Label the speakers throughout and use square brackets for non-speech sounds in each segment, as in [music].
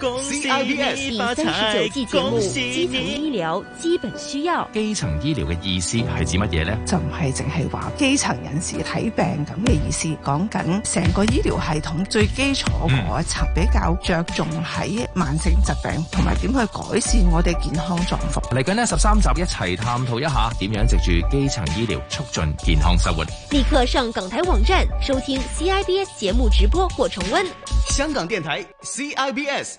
Speaker 1: CIBS 第三十
Speaker 2: 九季節目，基層醫療基本需要。基層醫療嘅意思係指乜嘢呢？
Speaker 1: 就唔係淨係話基層人士睇病咁嘅意思，講緊
Speaker 3: 成個醫療系統最基礎嗰層，嗯、比較着重喺慢性疾
Speaker 2: 病同埋點去改善我哋健康狀況。嚟緊呢十三集一齊探討一下點樣藉住基層醫療促進健康生活。
Speaker 1: 立刻上港台網站收聽
Speaker 4: CIBS 節目直播或重溫。香港電台 CIBS。C I B S，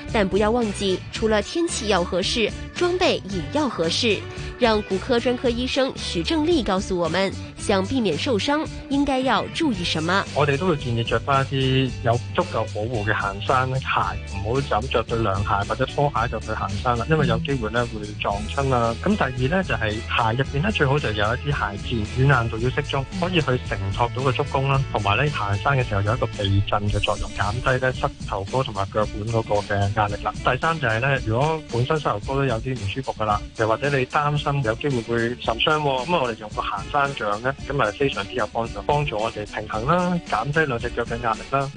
Speaker 1: 但不要忘記，除了天氣要合適，裝備也要合適。讓骨科專科醫生許正利告訴我們，想避免受傷，應該要注意什麼？
Speaker 5: 我哋都會建議着翻一啲有足夠保護嘅行山鞋，唔好就咁着對涼鞋或者拖鞋就去行山啦，因為有機會咧會撞親啦。咁第二呢，就係鞋入邊呢最好就有一啲鞋墊，軟硬度要適中，可以去承托到個足
Speaker 2: 弓啦，同埋咧行山嘅時候有一個避震嘅作用，減低咧膝頭哥同埋腳腕嗰個嘅，壓力啦，第三就係咧，如果本身膝頭哥都有啲唔舒服噶啦，又或者你擔心有機會會受傷，咁啊我哋用個行山杖咧，咁啊非常之有幫助，幫助我哋平衡啦，減低兩隻腳嘅壓力啦。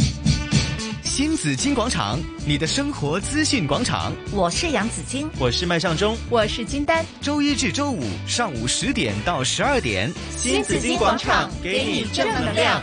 Speaker 2: 新紫金廣場，你
Speaker 6: 的生活資訊廣場，
Speaker 1: 我是楊紫金，
Speaker 6: 我是麥尚中，
Speaker 1: 我是金丹，周一
Speaker 4: 至周五上午十點到十二點，新紫金
Speaker 7: 廣場，給你正能量。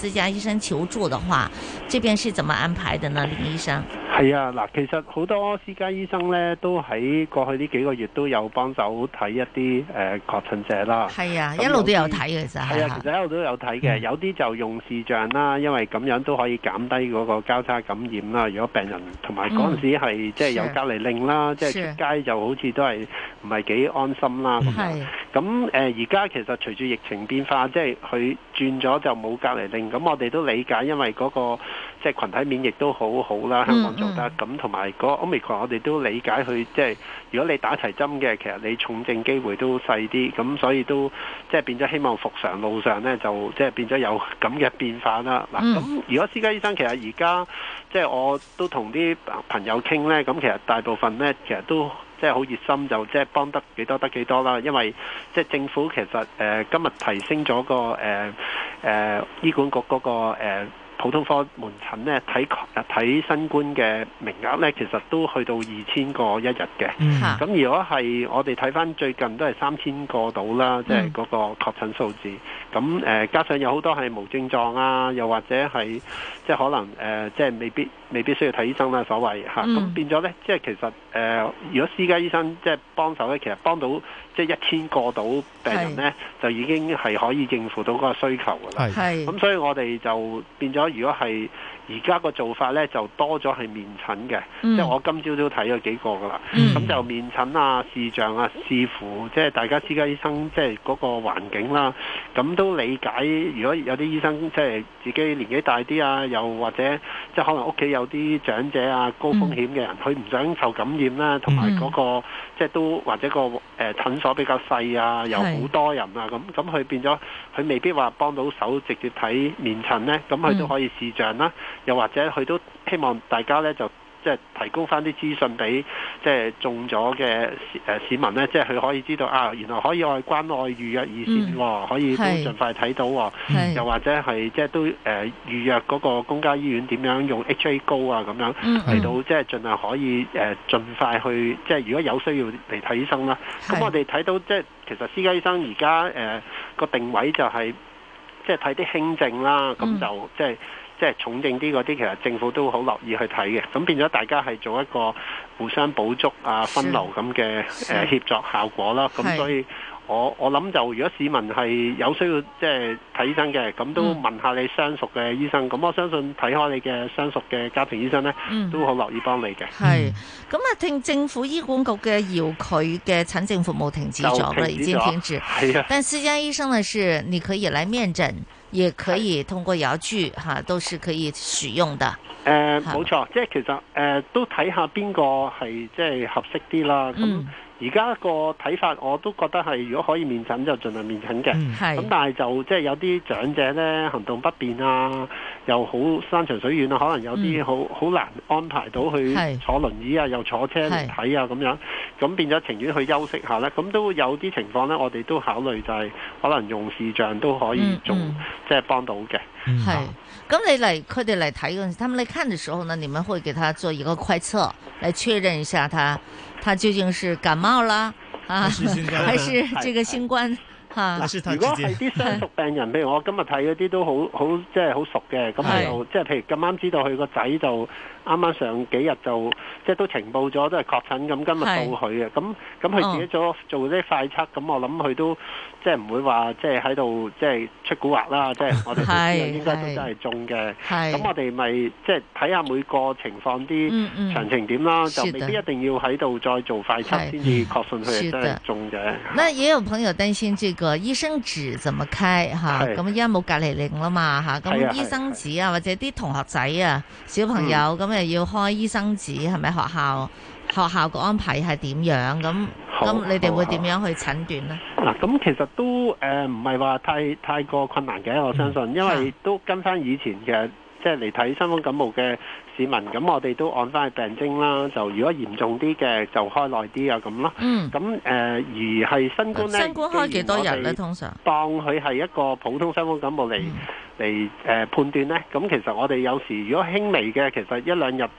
Speaker 1: 私家醫生求助的話，這邊是怎麼安排的呢？林醫生。
Speaker 5: 係啊，嗱，其實好多私家醫生咧都喺過去呢幾個月都有幫手睇一啲誒確診者啦。係
Speaker 1: 啊，一路都有睇嘅，啊、其實係啊，其
Speaker 5: 實一路都有睇嘅。啊、有啲就用視像啦，嗯、因為咁樣都可以減低嗰個交叉感染啦。如果病人同埋嗰陣時係、嗯、即係有隔離令啦，是即係出街就好似都係唔係幾安心啦。係咁誒，而家、呃、其實隨住疫情變化，即係佢。轉咗就冇隔離令，咁我哋都理解，因為嗰、那個即係、就是、群體免疫都好好啦，香港做得咁同埋個 Omicron，我哋都理解佢即係如果你打齊針嘅，其實你重症機會都細啲，咁所以都即係、就是、變咗，希望復常路上呢就即係變咗有咁嘅變化啦。嗱、mm，咁、hmm. 如果私家醫生其實而家即係我都同啲朋友傾呢。咁其實大部分呢，其實都。即係好熱心，就即係幫得幾多得幾多啦。因為即係政府其實誒、呃、今日提升咗個誒誒、呃呃、醫管局嗰、嗰個、呃普通科門診咧睇睇新冠嘅名額咧，其實都去到二千個一日嘅。咁、mm hmm. 如果係我哋睇翻最近都係三千個到啦，即係嗰個確診數字。咁、呃、加上有好多係無症狀啊，又或者係即係可能、呃、即係未必未必需要睇醫生啦，所謂吓咁、mm hmm. 變咗咧，即係其實誒、呃，如果私家醫生即係幫手咧，其實幫到。即係一千個到病人咧，是 就已經係可以應付到嗰個需求噶啦。咁是 所以我哋就變咗，如果係。而家個做法咧就多咗係面診嘅，嗯、即係我今朝都睇咗幾個㗎喇。咁、嗯、就面診啊、視像啊、視乎，即係大家私家醫生即係嗰個環境啦、啊。咁都理解，如果有啲醫生即係自己年紀大啲啊，又或者即係可能屋企有啲長者啊、高風險嘅人，佢唔、嗯、想受感染啦、啊，同埋嗰個、嗯、即係都或者個診所比較細啊，又好多人啊，咁咁佢變咗佢未必話幫到手直接睇面診呢。咁佢、嗯、都可以視像啦、啊。又或者佢都希望大家咧，就即係提供翻啲資訊俾即係中咗嘅、呃、市民咧，即係佢可以知道啊，原來可以去關愛預約二線、哦，嗯、可以盡快睇到、哦。是嗯、又或者係即係都誒預、呃、約嗰個公家醫院點樣用 H A 高啊，咁樣嚟、嗯嗯、到即係盡量可以誒、呃、盡快去即係如果有需要嚟睇醫生啦。咁是我哋睇到即係其實私家醫生而家誒個定位就係、是、即係睇啲輕症啦，咁就、嗯、即係。即係重症啲嗰啲，其實政府都好樂意去睇嘅，咁變咗大家係做一個互相補足是啊分流咁嘅誒協作效果啦。咁是所以我，是我我諗就如果市民係有需要即係睇醫生嘅，咁都問下你相熟嘅醫生。咁、嗯、我相信睇開你嘅相熟嘅家庭醫生咧，嗯、都好樂意幫你嘅。係
Speaker 1: 咁啊，嗯、聽政府醫管局嘅，要佢嘅診症服務停止咗啦，已經。停止，係啊。但私家醫生呢，是你可以嚟面診。也可以通過搖鋸，哈是、啊，都是可以使用的。誒、
Speaker 5: 呃，冇錯，即係好其實誒、呃、都睇下邊個係即係合適啲啦。咁、嗯。而家個睇法我都覺得係，如果可以面診就盡量面診嘅。咁、嗯，但係就即係、就是、有啲長者呢，行動不便啊，又好山長水遠啊，可能有啲好好難安排到去坐輪椅啊，嗯、又坐車嚟睇啊咁係樣，咁變咗情願去休息一下呢，咁都有啲情況呢，我哋都考慮就係可能用視像都可以做，即係、嗯嗯、幫到嘅。
Speaker 1: 係、嗯。嗯。咁你嚟，佢哋嚟睇，陣時。他們來看嘅時候呢，你們會給他做一個快測，嚟確認一下他，他究竟是感冒啦啊，還是這個新冠？哈。如果係啲相
Speaker 5: 熟病人，譬是如我今日睇嗰啲都好好，即係好熟嘅，咁就即係譬如咁啱知道佢個仔就。啱啱上幾日就即係都呈報咗，都係確診咁。今日報佢嘅咁咁，佢自己做啲快測咁，我諗佢都即係唔會話即係喺度即係出蠱惑啦。即係我哋應該都真係中嘅。咁我哋咪即係睇下每個情況啲詳情點啦，就未必一定要喺度再做快測先至確信佢係真係中嘅。嗱，
Speaker 1: 也有朋友擔心，這個醫生紙怎麼開吓？咁依家冇隔離令啦嘛吓，咁醫生紙啊或者啲同學仔啊小朋友咁。要開醫生紙，係咪學校，學校個安排係點樣，咁咁好你哋會點樣去診斷呢？
Speaker 5: 嗱，咁其實都誒唔係話太太過困難嘅，我相信，嗯、因為都跟翻以前嘅，即係嚟睇傷風感冒嘅。市民咁，我哋都按翻去病徵啦。就如果嚴重啲嘅，就開耐啲啊咁咯。咁誒、嗯呃，而係新冠咧，新冠開幾多日咧？通常當佢係一個普通傷風感冒嚟嚟誒判斷咧，咁其實我哋有時如果輕微嘅，其實一兩日。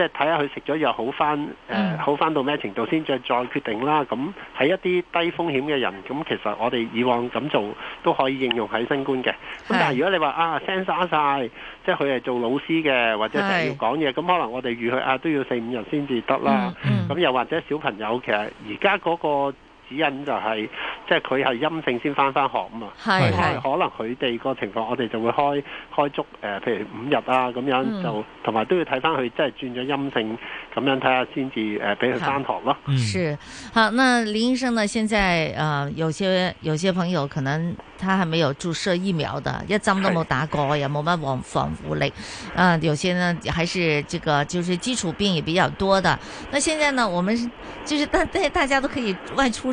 Speaker 5: 即係睇下佢食咗藥好翻，呃，好翻到咩程度先再再決定啦。咁喺一啲低風險嘅人，咁其實我哋以往咁做都可以應用喺新冠嘅。咁但係如果你話啊聲沙曬，即係佢係做老師嘅或者要講嘢，咁是可能我哋預佢啊都要四五日先至得啦。咁，嗯嗯、又或者小朋友其實而家嗰個。指引就係、是，即係佢係陰性先返返學嘛，係係，可能佢哋個情況，我哋就會開開足誒、呃，譬如五日啊咁樣就，就同埋都要睇返佢即係轉咗陰性，咁樣睇下先至誒，俾佢返學咯。嗯、呃，是
Speaker 1: 好，那林醫生呢？現在誒、呃、有些有些朋友可能他還沒有注射疫苗的，一針都冇打過，又冇乜防防護力，啊、呃，有些呢還是這個就是基礎病也比較多的。那現在呢，我們就是大大大家都可以外出。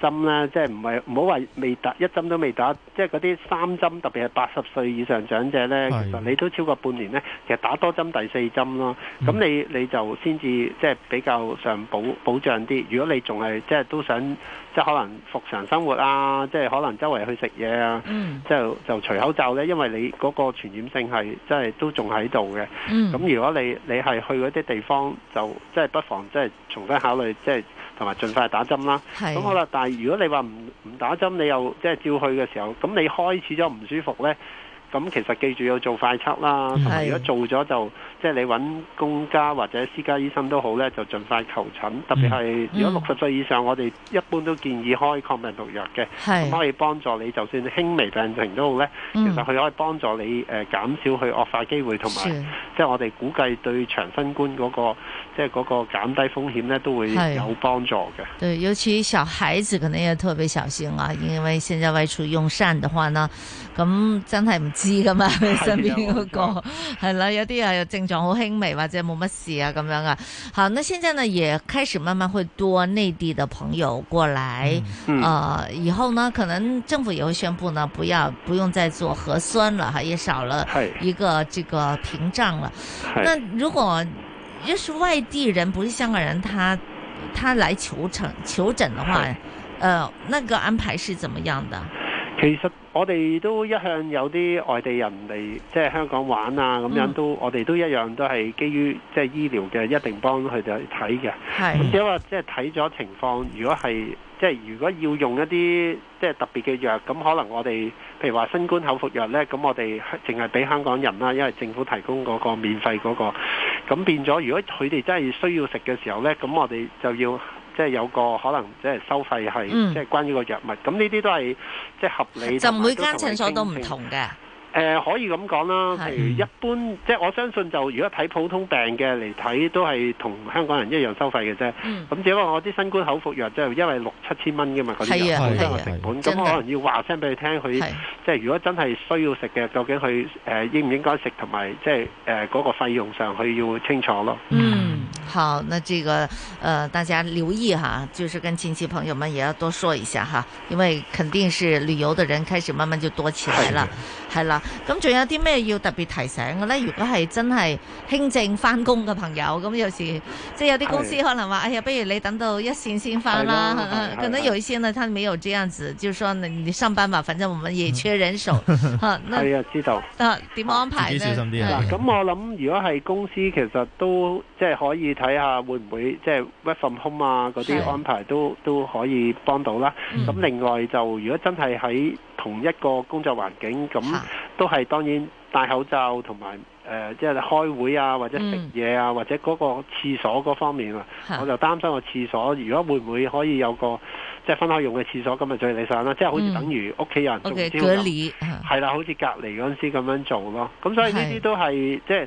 Speaker 5: 針咧，即係唔係唔好話未打一針都未打，即係嗰啲三針，特別係八十歲以上長者咧，是的 其實你都超過半年咧，其實打多針第四針咯，咁你你就先至即係比較上保保障啲。如果你仲係即係都想即係可能復常生活啊，即係可能周圍去食嘢啊，是的 就就除口罩咧，因為你嗰個傳染性係即係都仲喺度嘅。咁是的 如果你你係去嗰啲地方，就即係不妨即係重新考慮即係。同埋盡快打針啦。咁是好啦，但係如果你話唔唔打針，你又即係照去嘅時候，咁你開始咗唔舒服呢？咁其實記住要做快測啦，同埋如果做咗就。即係你揾公家或者私家醫生都好咧，就盡快求診。嗯、特別係如果六十歲以上，嗯、我哋一般都建議開抗病毒藥嘅，咁是可以幫助你，就算輕微病情都好咧，嗯、其實佢可以幫助你誒、呃、減少佢惡化機會，同埋是即係我哋估計對長新冠嗰個即係嗰個減低風險咧都會有幫助嘅。
Speaker 1: 對，尤其小孩子可能要特別小心啊，因為現在外出用膳嘅話呢，咁真係唔知㗎嘛，的身邊嗰、嗰個係啦錯，有啲係又正，仲好輕微或者冇乜事啊咁樣啊，好，那現在呢，也開始慢慢會多內地的朋友過來。嗯嗯、呃，以後呢，可能政府也會宣布呢，不要不用再做核酸了，哈，也少了一個這個屏障了。嘿那如果要是外地人，不是香港人他，他他來求診求診的話，嘿呃，那個安排是怎麼樣的？
Speaker 5: 其實我哋都一向有啲外地人嚟即係香港玩啊，咁樣都，都、嗯、我哋都一樣都係基於即係、就是、醫療嘅一定幫佢哋睇嘅。是的 只係話即係睇咗情況，如果係即係如果要用一啲即係特別嘅藥，咁可能我哋譬如話新冠口服藥呢，咁我哋淨係俾香港人啦，因為政府提供嗰、那個免費嗰、那個。咁變咗，如果佢哋真係需要食嘅時候呢，咁我哋就要。即係有個可能，即係收費係即係關於個藥物，咁呢啲都係即係合理的。就每間診所都唔同嘅。誒、呃，可以咁講啦。譬如一般，即係我相信，就如果睇普通病嘅嚟睇，都係同香港人一樣收費嘅啫。咁只不過我啲新冠口服藥即係因為六七千蚊嘅嘛，嗰啲藥本身嘅成本，咁可能要話聲俾你聽，佢即係如果真係需要食嘅，究竟佢誒、呃、應唔應該食，同埋即係誒嗰個費用上佢要清楚咯。嗯。
Speaker 1: 好，那這個，呃，大家留意哈，就是跟親戚朋友們也要多說一下哈，因為肯定是旅遊的人開始慢慢就多起來了。係啦的。咁仲有啲咩要特別提醒嘅呢？如果係真係輕症返工嘅朋友，咁有時即係有啲公司可能話，的哎呀，不如你等到一星先返啦。可能有一些呢，他沒有這樣子，就說你上班嘛，反正我們也缺人手。係啊、嗯 [laughs] 那，知道。點、啊、安排呢？要小心啲啊。
Speaker 5: 咁我諗，如果係公司，其實都即係、就是、可以。睇下會唔會即係 work from home 啊嗰啲安排都是都可以幫到啦。咁、嗯、另外就如果真係喺同一個工作環境，咁都係當然戴口罩同埋誒，即係開會啊，或者食嘢啊，嗯、或者嗰個廁所嗰方面啊，嗯、我就擔心個廁所，如果會唔會可以有個即係分開用嘅廁所咁咪最理想啦，即、就、係、係、好似等於屋企人做、嗯。OK，隔離係、嗯、啦，好似隔離嗰陣時咁樣做咯。咁所以呢啲都係即係。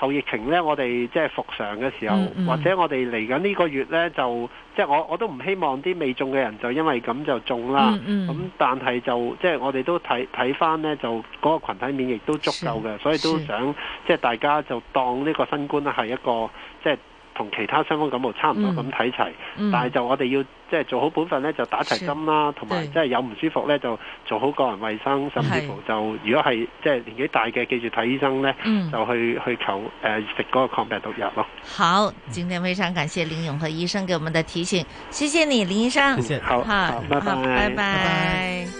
Speaker 5: 後疫情咧，我哋即係復常嘅時候，嗯嗯、或者我哋嚟緊呢個月咧，就即係、就是、我我都唔希望啲未中嘅人就因為咁就中啦。咁、嗯嗯嗯、但係就即係我哋都睇睇返咧，就嗰、是、個群體免疫都足夠嘅，是所以都想即係、就是、大家就當呢個新冠咧係一個即係。就是同其他傷風感冒差唔多咁睇齊，嗯、但係就我哋要即係、就是、做好本份咧，就打齊針啦，同埋即係有唔舒服咧，就做好個人衛生，甚至乎就，是就如果係即係年紀大嘅，記住睇醫生咧，嗯、就去去求誒食嗰個抗病毒藥咯。
Speaker 1: 好，今天非常感謝林永和醫生給我們的提醒，謝謝你，林醫生，謝謝。好，好，拜拜。好，拜拜。拜拜。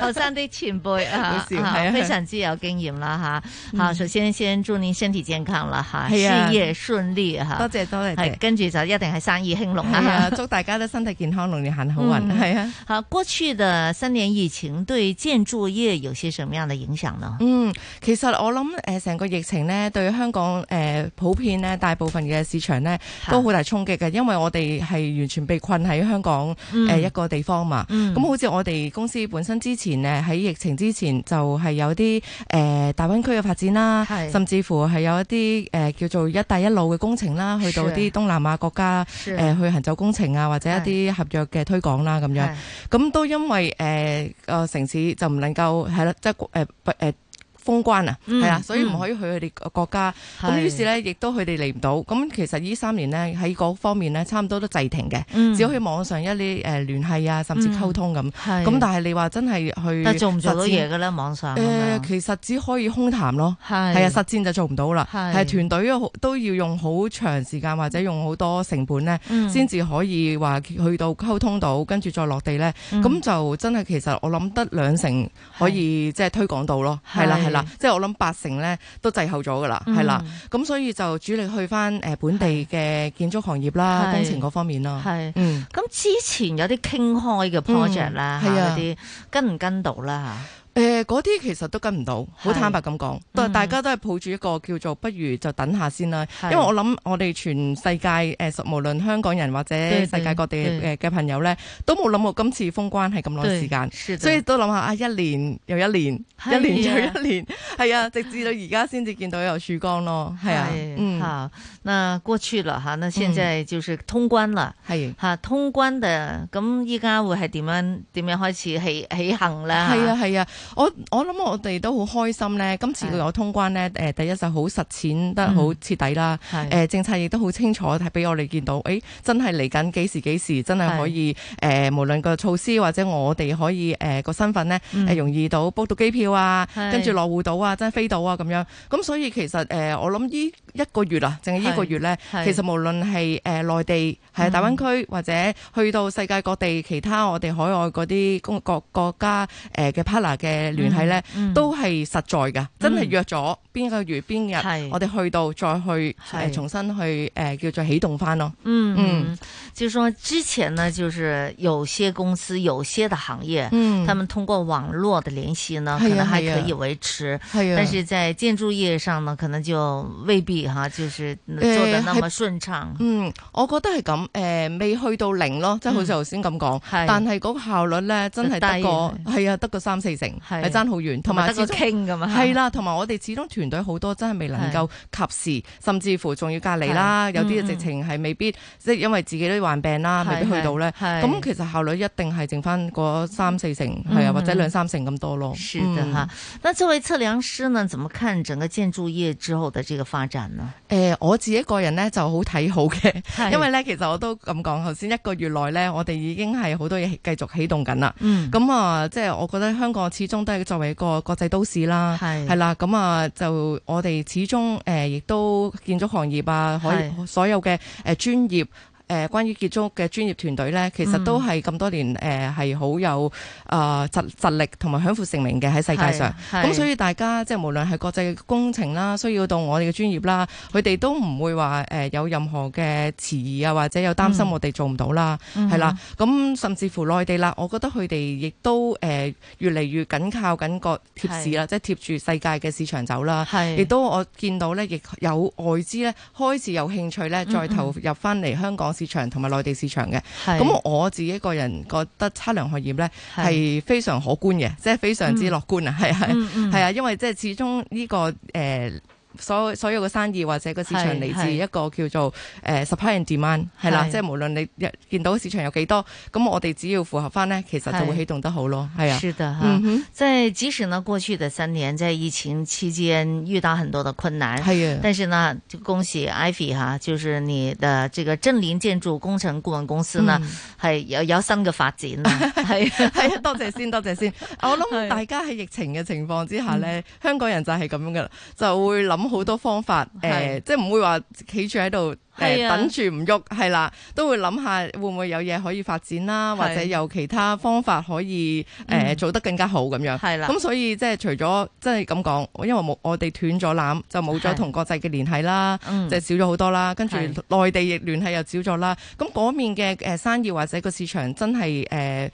Speaker 1: 後生啲前輩啊，非常之有經驗啦吓。好，首先先祝您身體健康啦吓，事業順利吓，多謝多謝。跟住就一定係生意興隆啦。祝大家都身體健康，龍年行好運。係啊。吓，過去的新年疫情對建築業有些什麼樣嘅影響呢？嗯，其實我諗誒，成個疫情呢，
Speaker 3: 對香港誒普遍咧，大部分嘅市場呢，都好大衝擊嘅，因為我哋係完全被困喺香港誒一個地方嘛。咁好似我哋公司。本身之前呢，喺疫情之前就係、是、有啲誒、呃、大灣區嘅發展啦，是甚至乎係有一啲誒、呃、叫做一帶一路嘅工程啦，去到啲東南亞國家誒是、呃、去行走工程啊，或者一啲合約嘅推廣啦咁樣。咁是都因為誒、呃、那個城市就唔能夠係咯，即係誒、呃、不、呃封關啊，係啦，所以唔可以去佢哋個國家。咁於是咧，亦都佢哋嚟唔到。咁其實呢三年咧，喺嗰方面咧，差唔多都滯停嘅，只可以網上一啲誒聯繫啊，甚至溝通咁。咁但係你話真係去，但係做唔做到嘢㗎咧？網上誒，其實只可以空談咯。係啊，實戰就做唔到啦。係團隊都要用好長時間或者用好多成本咧，先至可以話去到溝通到，跟住再落地咧。咁就真係其實我諗得兩成可以即係推廣到咯。係啦，係啦。即係我諗八成咧都滯後咗噶啦，係啦，咁所以就主力去翻誒本地嘅建築行業啦，是工程嗰方面
Speaker 1: 啦。係，嗯，咁之前有啲傾開嘅 project 啦吓嗰、嗯、啲、啊、跟唔跟到啦吓？
Speaker 3: 誒，嗰啲其實都跟唔到，好坦白咁講，但係大家都係抱住一個叫做不如就等下先啦。因為我諗我哋全世界誒，無論香港人或者世界各地嘅朋友呢，都冇諗過今次封關係咁耐時間，所以都諗下啊，一年又一年，一年又一年，係啊，直至到而家先至見到有曙
Speaker 1: 光咯。係啊，嗯，好，那過去了哈，那現在就是通關了，係吓通關誒，咁依家會係點樣點樣開始起起行呢？
Speaker 3: 係啊，係啊。我我諗我哋都好開心咧，今次佢有通關咧，誒是、呃、第一就好實踐得好徹底啦，誒、嗯呃、政策亦都好清楚，睇俾我哋見到，誒、欸、真係嚟緊幾時幾時真係可以誒是、呃、無論個措施或者我哋可以誒個、呃、身份咧，誒、嗯、容易到 book 到機票啊，是跟住落戶到啊，真係飛到啊咁樣。咁所以其實誒、呃、我諗呢一個月啊，淨係呢個月咧，其實無論係誒內地係大灣區、嗯、或者去到世界各地其他我哋海外嗰啲公國國家誒嘅 partner 嘅。呃誒聯繫咧，嗯嗯、都係實在噶，真係約咗。嗯邊個月邊日，
Speaker 1: 我哋去到再去，誒，重新去誒，叫做啟動翻咯。嗯嗯，就說之前呢，就是有些公司、有些的行業，嗯，他們通過網絡的聯繫呢，可能還可以維持，係啊。但是在建築業上呢，可能就未必哈，就是做得那麼順暢。
Speaker 3: 嗯，我覺得係咁，誒，未去到零咯，即係好似頭先咁講，但係嗰個效率咧，真係得個係啊，得個三四成，係爭好遠。同埋，始終係啦，同埋我哋始終團。隊好多真係未能夠及時，是甚至乎仲要隔離啦。是有啲直情係未必，嗯、即係因為自己都患病啦，未必去到咧。咁是其實效率一定係剩翻嗰三四成，係、嗯、啊，或者兩三
Speaker 1: 成咁多咯。是的哈。嗯、那作為測量師呢，怎麼看整個建築業之後嘅這個發展呢？
Speaker 3: 誒、欸，我自己個人呢就很看好睇好嘅，因為咧
Speaker 1: 其實我都咁講，
Speaker 3: 頭先一個月內咧，我哋已經係好多嘢繼續啟動緊啦。嗯。咁啊，即係我覺得香港始終都係作為一個國際都市啦，係係是啦。咁啊就。我哋始終誒亦、呃、都建築行業啊，可以是所有嘅誒、呃、專業。誒、呃，關於建築嘅專業團隊咧，其實都係咁多年誒，係、呃、好有啊實、呃、實力同埋享負盛名嘅喺世界上。咁所以大家即係無論係國際的工程啦，需要到我哋嘅專業啦，佢哋都唔會話誒、呃、有任何嘅疑義啊，或者有擔心我哋做唔到啦，係、嗯、啦。咁甚至乎內地啦，我覺得佢哋亦都誒、呃、越嚟越緊靠緊個貼市啦，是即係貼住世界嘅市場走啦。亦是都我見到咧，亦有外資咧開始有興趣咧再投入翻嚟香港。市場同埋內地市場嘅，咁是我自己個人覺得測量學業呢係非常可觀嘅，是即係非常之樂觀啊！係係係啊，因為即係始終呢、這個誒。呃所所有嘅生意或者個市場嚟自一個叫做誒 supply and demand 係啦，即係無論你
Speaker 1: 見到市場有幾多，咁我哋只要符合翻咧，其實就會啟動得好咯，係啊。是的，嚇。即使呢過去的三年，在疫情期間遇到很多的困難，係啊。但是呢，就恭喜 Ivy 哈，就是你的這個正林建築工程顧問公司呢，係有有新嘅發展呢，係啊，多謝先，多謝先。我
Speaker 3: 諗大家喺疫情嘅情況之下咧，香港人就係咁樣噶啦，就會諗。好多方法，誒、呃，是的 即係唔會話企住喺度係等住唔喐，係啦是的，都會諗下會唔會有嘢可以發展啦，是的 或者有其他方法可以誒、呃嗯、做得更加好咁樣，係啦。咁所以即係除咗即係咁講，因為冇我哋斷咗纜，就冇咗同國際嘅聯繫啦，是的 就少咗好多啦。跟住內地亦聯繫又少咗啦。咁嗰面嘅誒生意或者個市場真係誒。呃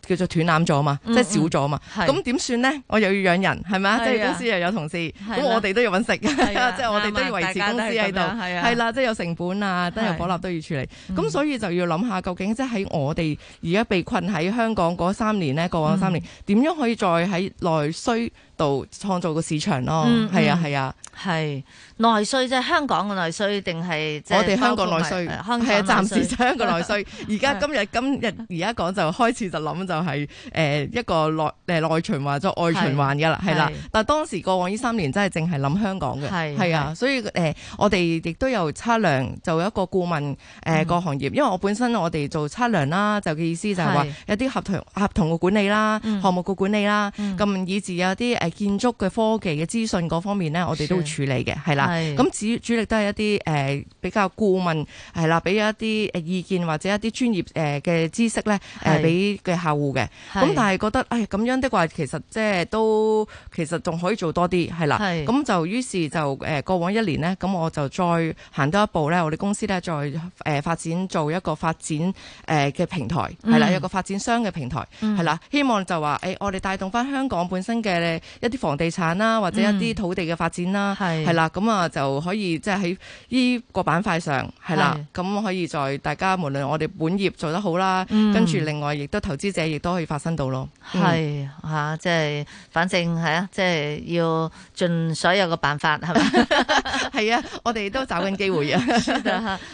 Speaker 3: 叫做斷纜咗嘛，嗯嗯即係少咗嘛，咁點算咧？我又要養人，係咪啊？即係公司又有同事，咁、啊、我哋都要搵食，即係、啊、 [laughs] 我哋都要維持公司喺度，係啦，即係、啊啊就是、有成本啊，都有保額都要處理，咁、啊、所以就要諗下，究竟即係喺我哋而家被困喺香港嗰三年咧，過往、啊、三年點樣可以再喺內需？度創造個市場咯，係啊係啊，係
Speaker 1: 內需即係，香港嘅內需定係我哋香港內需，香港嘅暫時就香港內需。
Speaker 3: 而家今日今日而家講就開始就諗就係誒一個內誒內循環再外循環嘅啦，係啦。但當時過往呢三年真係淨係諗香港嘅，係係啊，所以誒我哋亦都有測量，就有一個顧問誒各行業，因為我本身我哋做測量啦，就嘅意思就係話有啲合同合同嘅管理啦，項目嘅管理啦，咁以至有啲建築嘅科技嘅資訊嗰方面呢，我哋都會處理嘅，係是啦。咁主是主力都係一啲誒、呃、比較顧問，係啦，俾咗一啲誒意見或者一啲專業誒嘅知識呢，誒俾嘅客戶嘅。咁是但係覺得唉，咁、哎、樣的話，其實即係都其實仲可以做多啲，係啦。咁就於是就誒過往一年呢，咁我就再行多一步呢。我哋公司呢，再誒發展做一個發展誒嘅平台，係、嗯、啦，一個發展商嘅平台，係、嗯、啦，希望就話誒、哎、我哋帶動翻香港本身嘅。一啲房地產啦，或者一啲土地嘅發展、嗯、啦，係啦，咁啊就可以即係喺呢個板塊上係啦，咁是可以在大家無論我哋本業做得好啦，嗯，跟住，另外亦都投資者亦都可以發生到咯。係吓、嗯，即
Speaker 1: 係、啊就是、反正係啊，即、就、係、是、要盡所有嘅辦法，係咪 [laughs] 吧？係啊，我哋都找緊機會啊。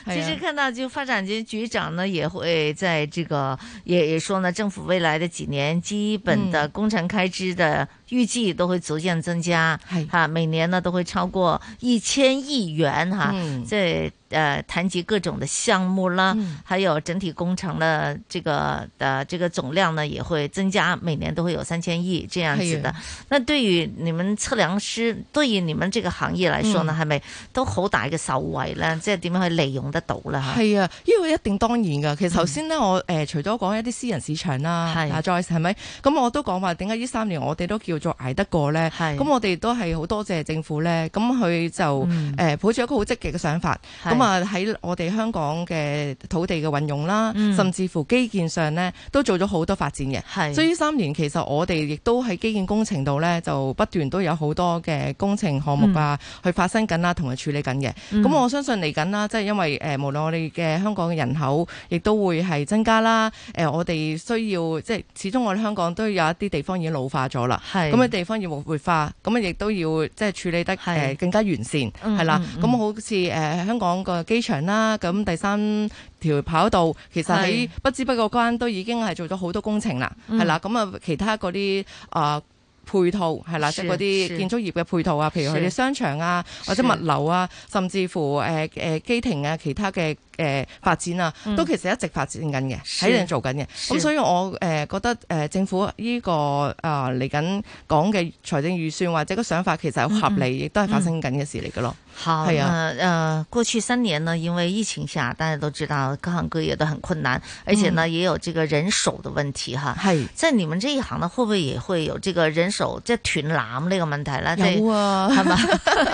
Speaker 1: 其實看到就發展局局長呢，也會在這個也也說呢，政府未來的幾年基本的工程開支的，嗯。預計都會逐漸增加，係是每年呢都會超過一千億元哈。嗯，即係誒、呃、談及各種的項目啦、嗯、還有整體工程的這個的、呃、這個總量呢，也會增加，每年都會有三千億這樣子的。的那對於你們測量師，對於你們這個行業來說、嗯、是是呢，係咪都好大嘅受惠呢？即係點樣去利用得到啦？
Speaker 3: 係啊，因、這、為、個、一定當然噶。其實頭先呢，我誒、呃、除咗講一啲私人市場啦、啊、係是再係咪？咁我都講話點解呢三年我哋都叫。做得過咧，咁是我哋都係好多謝政府咧，咁佢就誒、嗯呃、抱住一個好積極嘅想法，咁啊喺我哋香港嘅土地嘅運用啦，嗯、甚至乎基建上咧都做咗好多發展嘅。是所以三年其實我哋亦都喺基建工程度咧，就不斷都有好多嘅工程項目啊，嗯、去發生緊啦，同埋處理緊嘅。咁、嗯、我相信嚟緊啦，即係因為誒、呃、無論我哋嘅香港嘅人口亦都會係增加啦，誒、呃、我哋需要即係始終我哋香港都有一啲地方已經老化咗啦。咁嘅地方要活活化，咁啊亦都要即係處理得更加完善，係啦的。咁好似香港個機場啦，咁第三條跑道其實喺不知不覺間都已經係做咗好多工程啦，係啦的。咁啊，其他嗰啲啊。呃配套係啦，是是即係嗰啲建築業嘅配套啊，譬如佢哋商場啊，是或者物流啊，甚至乎誒誒、呃、機亭啊，其他嘅誒、呃、發展啊，嗯、都其實一直發展緊嘅，喺度是做緊嘅。咁所以我誒覺得誒政府呢、這個
Speaker 1: 啊嚟緊講嘅財政預算或者個想法其實係合理，亦都係發生緊嘅事嚟嘅咯。嗯嗯。好，係啊，誒，過去三年呢，因為疫情下，大家都知道，各行各業都很困難，而且呢，也有這個人手的問題，哈。係。即係你們這一行呢，會不會也會有這個人手即係斷纜呢個問題啦？有啊，係嘛，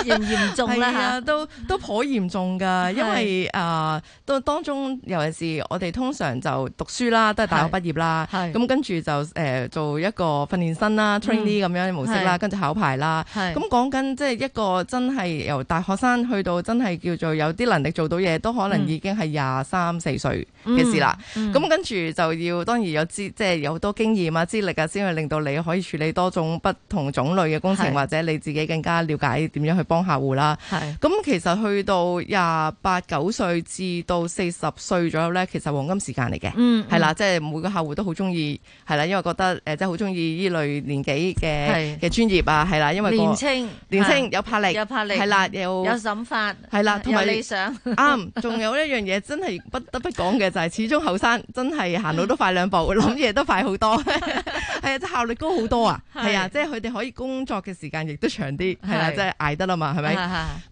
Speaker 1: 嚴嚴重啦，都都頗嚴重噶，因為誒，都當中尤其是
Speaker 3: 我哋通常就讀書啦，都係大學畢業啦，係。咁跟住就誒做一個訓練生啦，trainee 咁樣嘅模式啦，跟住考牌啦，係。咁講緊即係一個真係由大學學生去到真係叫做有啲能力做到嘢，都可能已經係廿三四歲嘅事啦。咁、嗯嗯、跟住就要當然有知，即係有好多經驗啊、資歷啊，先會令到你可以處理多種不同種類嘅工程，是或者你自己更加了解點樣去幫客戶啦。咁是其實去到廿八九歲至到四十歲左右呢，其實黃金時間嚟嘅，係、嗯嗯、啦，即係每個客戶都好中意，係啦，因為覺得即係好中意呢類年紀嘅嘅是專業啊，係啦，因為年輕年青有魄力，有魄力係啦，有諗
Speaker 1: 法，係啦了，同埋理想啱。仲有， [laughs] 有
Speaker 3: 一樣嘢真係不得不講嘅就係、是，始終後生真係行路都快兩步，諗嘢 [laughs] 都快好多，係 [laughs] 啊，即係效率高好多啊。係是啊，即係佢哋可以工作嘅時間亦都長啲，係啦是，即係、啊就是、捱得啦嘛，係咪？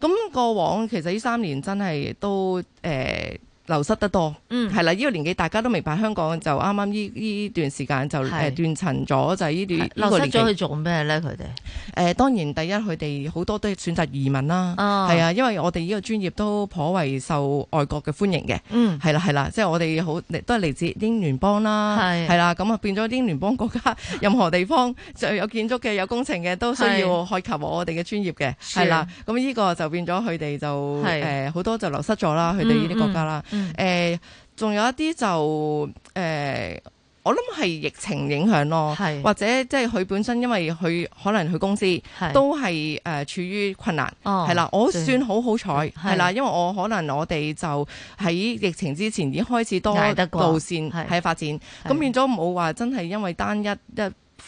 Speaker 3: 咁是過往其實呢三年真係都誒，呃流失得多，嗯，係啦，呢個年紀大家都明白，香港就啱啱呢呢段時間就誒斷層咗，就係呢段流失咗去做咩咧？佢哋誒當然第一佢哋好多都係選擇移民啦，係啊，因為我哋呢個專業都頗為受外國嘅歡迎嘅，嗯，係啦係啦，即係我哋好都係嚟自英聯邦啦，係係啦，咁啊變咗英聯邦國家任何地方就有建築嘅有工程嘅都需要開闢我哋嘅專業嘅，係啦，咁呢個就變咗佢哋就誒好多就流失咗啦，佢哋呢啲國家啦。誒，仲、嗯呃、有一啲就誒、呃，我諗係疫情影響咯，是或者即係佢本身因為佢可能佢公司都係誒是、呃、處於困難，係、哦、啦，我算好好彩係啦，因為我可能我哋就喺疫情之前已經開始多路線喺發展，咁是變咗冇話真係因為單一一。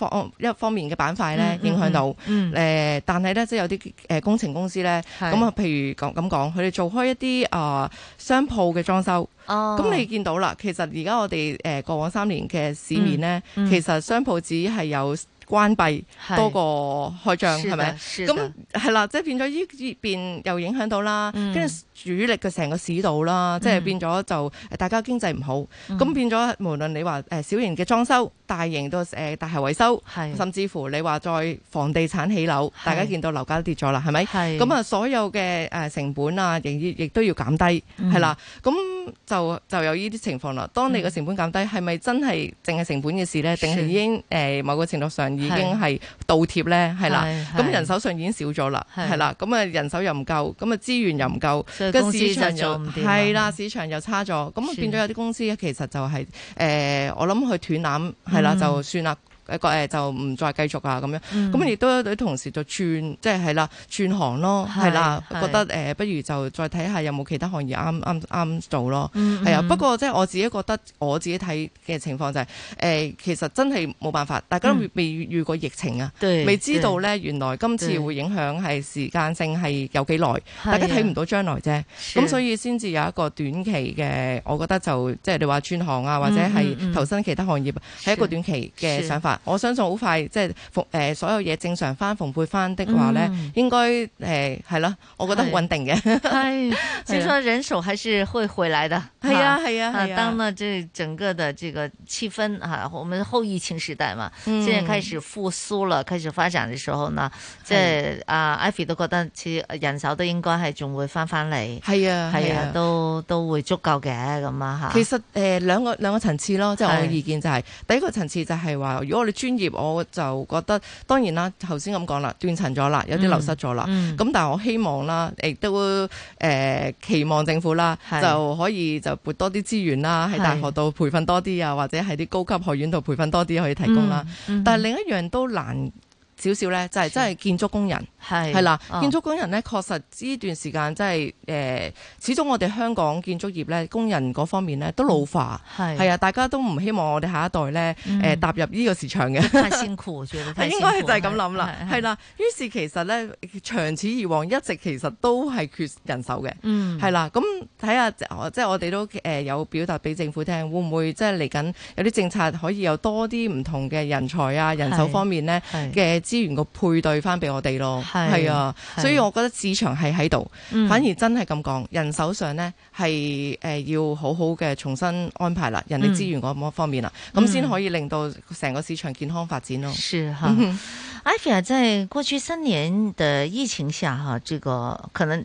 Speaker 3: 方一方面嘅板塊咧影響到，誒、嗯嗯嗯呃，但係咧即係有啲誒工程公司咧，咁啊是，譬如講咁講，佢哋做開一啲啊、呃、商鋪嘅裝修，咁、哦、你見到啦，其實而家我哋誒、呃、過往三年嘅市面咧，嗯嗯、其實商鋪只係有關閉多個開張係咪？咁係是吧啦，即係變咗呢邊又影響到啦，跟住、嗯、主力嘅成個市道啦，嗯、即係變咗就大家經濟唔好，咁、嗯、變咗無論你話誒小型嘅裝修。大型都，誒，大廈維修，甚至乎你話再房地產起樓，大家見到樓價都跌咗啦，係咪？咁啊，所有嘅誒成本啊，亦亦都要減低，係啦。咁就就有呢啲情況啦。當你個成本減低，係咪真係淨係成本嘅事咧？定係已經誒某個程度上已經係倒貼咧？係啦。咁人手上已經少咗啦，係啦。咁啊人手又唔夠，咁啊資源又唔夠，跟市場又係啦，市場又差咗。咁變咗有啲公司其實就係誒，我諗佢斷纜。係啦，就算啦。一就唔再繼續啊咁樣，咁亦都有同時就轉，即係係啦，轉行咯，係啦，覺得誒不如就再睇下有冇其他行業啱啱啱做咯，係啊。不過即係我自己覺得，我自己睇嘅情況就係誒，其實真係冇辦法，大家都未遇過疫情啊，未知道咧原來今次會影響係時間性係有幾耐，大家睇唔到將來啫。咁所以先至有一個短期嘅，我覺得就即係你話轉行啊，或者係投身其他行業，係一個短期嘅想法。我相信好快即係誒所有嘢正常翻，奉配翻的話咧，應該誒係咯，我覺得好
Speaker 1: 穩定嘅。所以說人手還是會回來的。係啊，係啊，當呢，即係整個的這個氣氛吓，我們後疫情時代嘛，現在開始復蘇啦，開始發展嘅時候呢，即係阿 Ivy 都覺得似人手都應該係仲會翻翻嚟。係啊，係啊，都都會足夠嘅咁啊吓，其
Speaker 3: 實誒兩個兩個層次咯，即係我嘅意見就係第一個層次就係話，
Speaker 1: 如果專業我就
Speaker 3: 覺得當然啦，頭先咁講啦，斷層咗啦，有啲流失咗啦。咁、嗯嗯、但係我希望啦，亦都誒期、呃、望政府啦是就可以就撥多啲資源啦，喺大學度培訓多啲啊，是或者喺啲高級學院度培訓多啲可以提供啦。嗯嗯、但係另一樣都難。少少咧，就係真係建築工人，係啦，哦、建築工人咧確實呢段時間真係誒，始終我哋香港建築業咧工人嗰方面咧都老化，係啊，大家都唔希望我哋下一代咧誒、嗯呃、踏入呢個市場嘅，太
Speaker 1: 辛苦，我覺
Speaker 3: 得太辛苦應該就係咁諗啦，係啦，於是其實咧長此以往一直其實都係缺人手嘅、嗯，嗯，係啦、嗯，咁睇、嗯、下即係我哋都誒有表達俾政府聽，會唔會即係嚟緊有啲政策可以有多啲唔同嘅人才啊人手方面咧嘅？資源個配對翻俾我哋咯，係是啊，是所以我覺得市場係喺度，是反而真係咁講，嗯、人手上呢係誒、呃、要好好嘅重新安排啦，人力資源嗰方面啦，咁先、嗯、可以令到成個市場健康發展咯。是
Speaker 1: 哈，Ivy 啊，真係 [laughs] 過去三年的疫情下哈，這個可能。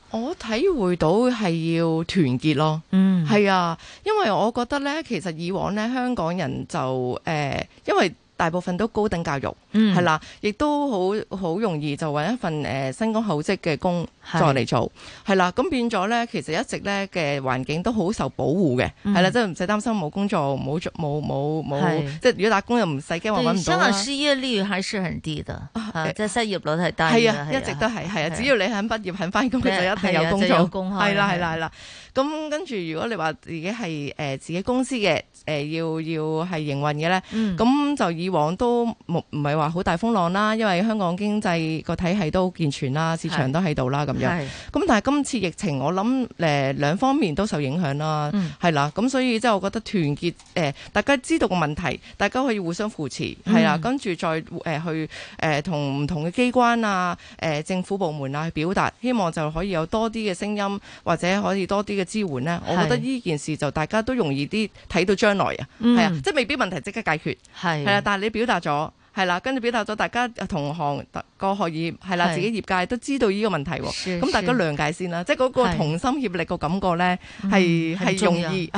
Speaker 3: 我體會到係要團結咯，係啊、嗯，因為我覺得咧，其實以往咧，香港人就誒、呃，因為。大部分都高等教育，係啦，亦都好好容易就揾一份誒薪高厚職嘅工作嚟做，係啦。咁變咗咧，其實一直咧嘅環境都好受保護嘅，係啦，即係唔使擔心冇工作冇冇冇冇，即係如果打工又唔使
Speaker 1: 驚話揾唔到啦。新民師呢樣係算低嘅，即係失業率係低。係啊，一直都係係啊，只要你肯畢業肯翻工，佢就一定有工作。係啦係啦係啦。咁跟住，如果
Speaker 3: 你話自己係誒、呃、自己公司嘅誒、呃、要要係營運嘅咧，咁、嗯、就以往都唔唔係話好大風浪啦，因為香港經濟個體系都健全啦，市場都喺度啦，咁是樣，咁是但係今次疫情，我諗誒、呃、兩方面都受影響啦，係、嗯、啦。咁所以即係我覺得團結誒、呃、大家知道個問題，大家可以互相扶持，係、嗯、啦，跟住再誒、呃、去誒、呃、同唔同嘅機關啊、誒、呃、政府部門啊去表達，希望就可以有多啲嘅聲音，或者可以多啲。嘅支援咧，我覺得呢件事就大家都容易啲睇到將來啊，係啊的、嗯，即係未必問題即刻解決，係，係啦，但係你表達咗。係啦，跟住表達咗大家同行各行業係啦，自己業界都知道呢個問題喎，咁大家諒解先啦。即係嗰個同心協力個感覺咧，係係容易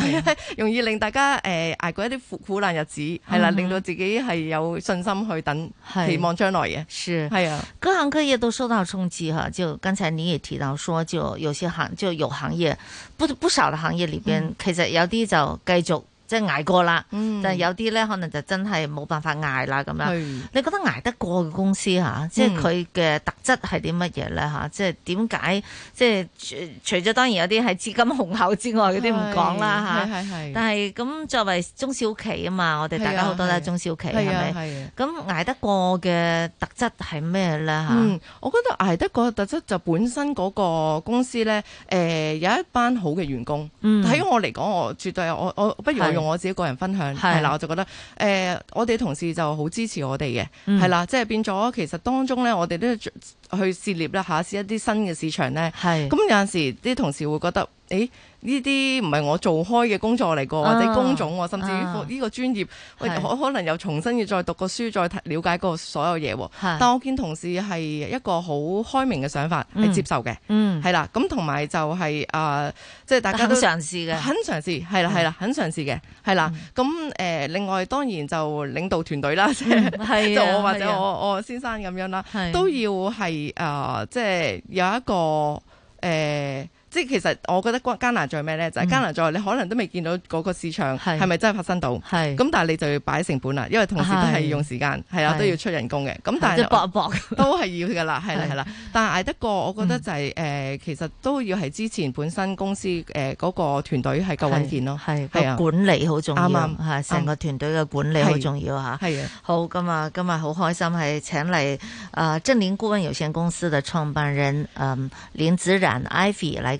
Speaker 3: 容易令大家誒捱過一啲苦苦難日子係啦，令到自己係
Speaker 1: 有信心去等希望將來嘅。係係啊，各行各業都受到衝擊，就剛才你也提到說，就有些行就有行業不不少的行業裏邊，其實有啲就繼續。即係捱過啦，嗯、但係有啲咧可能就真係冇辦法捱啦咁樣。是你覺得捱得過嘅公司嚇、嗯，即係佢嘅特質係啲乜嘢咧嚇？即係點解？即係除咗當然有啲係資金雄厚之外，嗰啲唔講啦嚇。但係咁作為中小企啊嘛，我哋大家好多都係中小企係咪？係啊。咁捱得過嘅特質係咩咧嚇？我覺得捱得過
Speaker 3: 嘅特質就本身嗰個公司咧，誒、呃、有一班好嘅員工。嗯。喺我嚟講，我絕對我我不如。用我自己個人分享係啦的，我就覺得誒、呃，我哋同事就好支持我哋嘅，係啦、嗯，即係變咗其實當中咧，我哋都去涉獵啦嚇，試一啲新嘅市場咧，咁的、嗯、有陣時啲同事會覺得誒。欸呢啲唔係我做開嘅工作嚟噶，或者工種，甚至於呢個專業，我可能又重新要再讀個書，再了解個所有嘢。但我見同事係一個好開明嘅想法，係接受嘅。嗯，係啦。咁同埋就係誒，即係大家都嘗試嘅，肯嘗試，係啦，係啦，肯嘗試嘅，係啦。咁誒，另外當然就領導團隊啦，即係即我或者我我先生咁樣啦，都要係誒，即係有一個誒。即係其實我覺得艱難在咩咧？就係艱難在你可能都未見到嗰個市場係咪真係發生到，係咁，但係你就要擺成本啦，因為同時都係要用時間，係啊，都要出人工嘅。咁但係搏一搏都係要嘅啦，係啦係啦。但係捱得過，我覺得就係誒，其實都要係之前本身公司誒嗰個團隊係
Speaker 1: 夠穩健咯，係啊，管理好重要，啱啱成個團隊嘅管理好重要嚇。係啊，好咁啊，今日好開心係請嚟啊正林顧問有限公司嘅創辦人嗯林子冉、Ivy 嚟。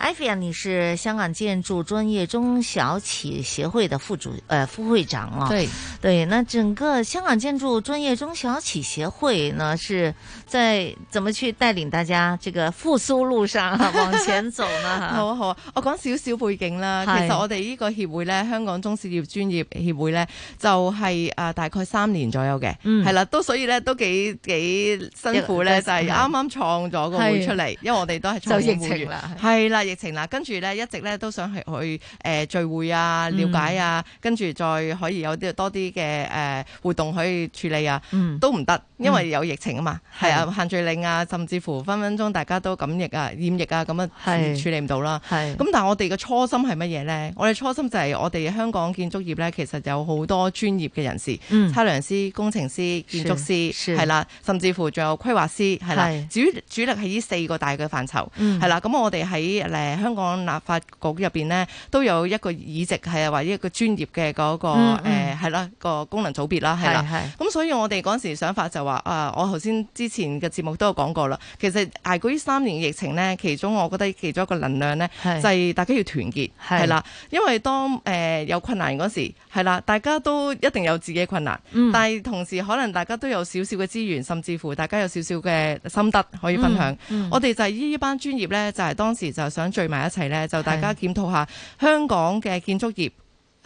Speaker 1: 艾菲亞，你是香港建築專業中小企協會的副主，呃副會長哦，對對，那整個香港建築專業中小企協會呢，是在怎麼去帶領大家這個復蘇路上、啊、往前走呢？ [laughs] 好啊好啊，我講少少背景啦。是其
Speaker 3: 實我哋呢個協會呢，香港中小業專業協會呢，就係、是啊、大概三年左右嘅，係、嗯、啦，都所以呢，都幾幾辛苦咧，就係啱啱創咗個會出嚟，是因為我哋都係就疫情會啦，係啦。疫情啦，跟住咧一直咧都想去去誒聚會啊，了解啊，跟住再可以有啲多啲嘅誒活動可以處理啊，嗯，都唔得。因為有疫情啊嘛，係啊、嗯、是限聚令啊，甚至乎分分鐘大家都感染啊、染疫啊，咁啊處理唔到啦。咁但係我哋嘅初心係乜嘢呢？我哋初心就係我哋香港建築業呢，其實有好多專業嘅人士，測量、嗯、師、工程師、建築師係啦，甚至乎仲有規劃師係啦。是主主力係呢四個大嘅範疇，係、嗯、啦。咁我哋喺誒香港立法局入邊呢，都有一個議席係啊，或者一個專業嘅嗰、那個誒、嗯呃、啦個功能組別啦，係啦。咁、嗯、所以我哋嗰陣時想法就話、是。啊、我頭先之前嘅節目都有講過啦。其實捱過呢三年疫情呢，其中我覺得其中一個能量呢，是就係大家要團結係是啦。因為當誒、呃、有困難嗰時候，係啦，大家都一定有自己困難，嗯、但係同時可能大家都有少少嘅資源，甚至乎大家有少少嘅心得可以分享。嗯嗯、我哋就係呢一班專業呢，就係、是、當時就想聚埋一齊呢，就大家檢討下香港嘅建築業。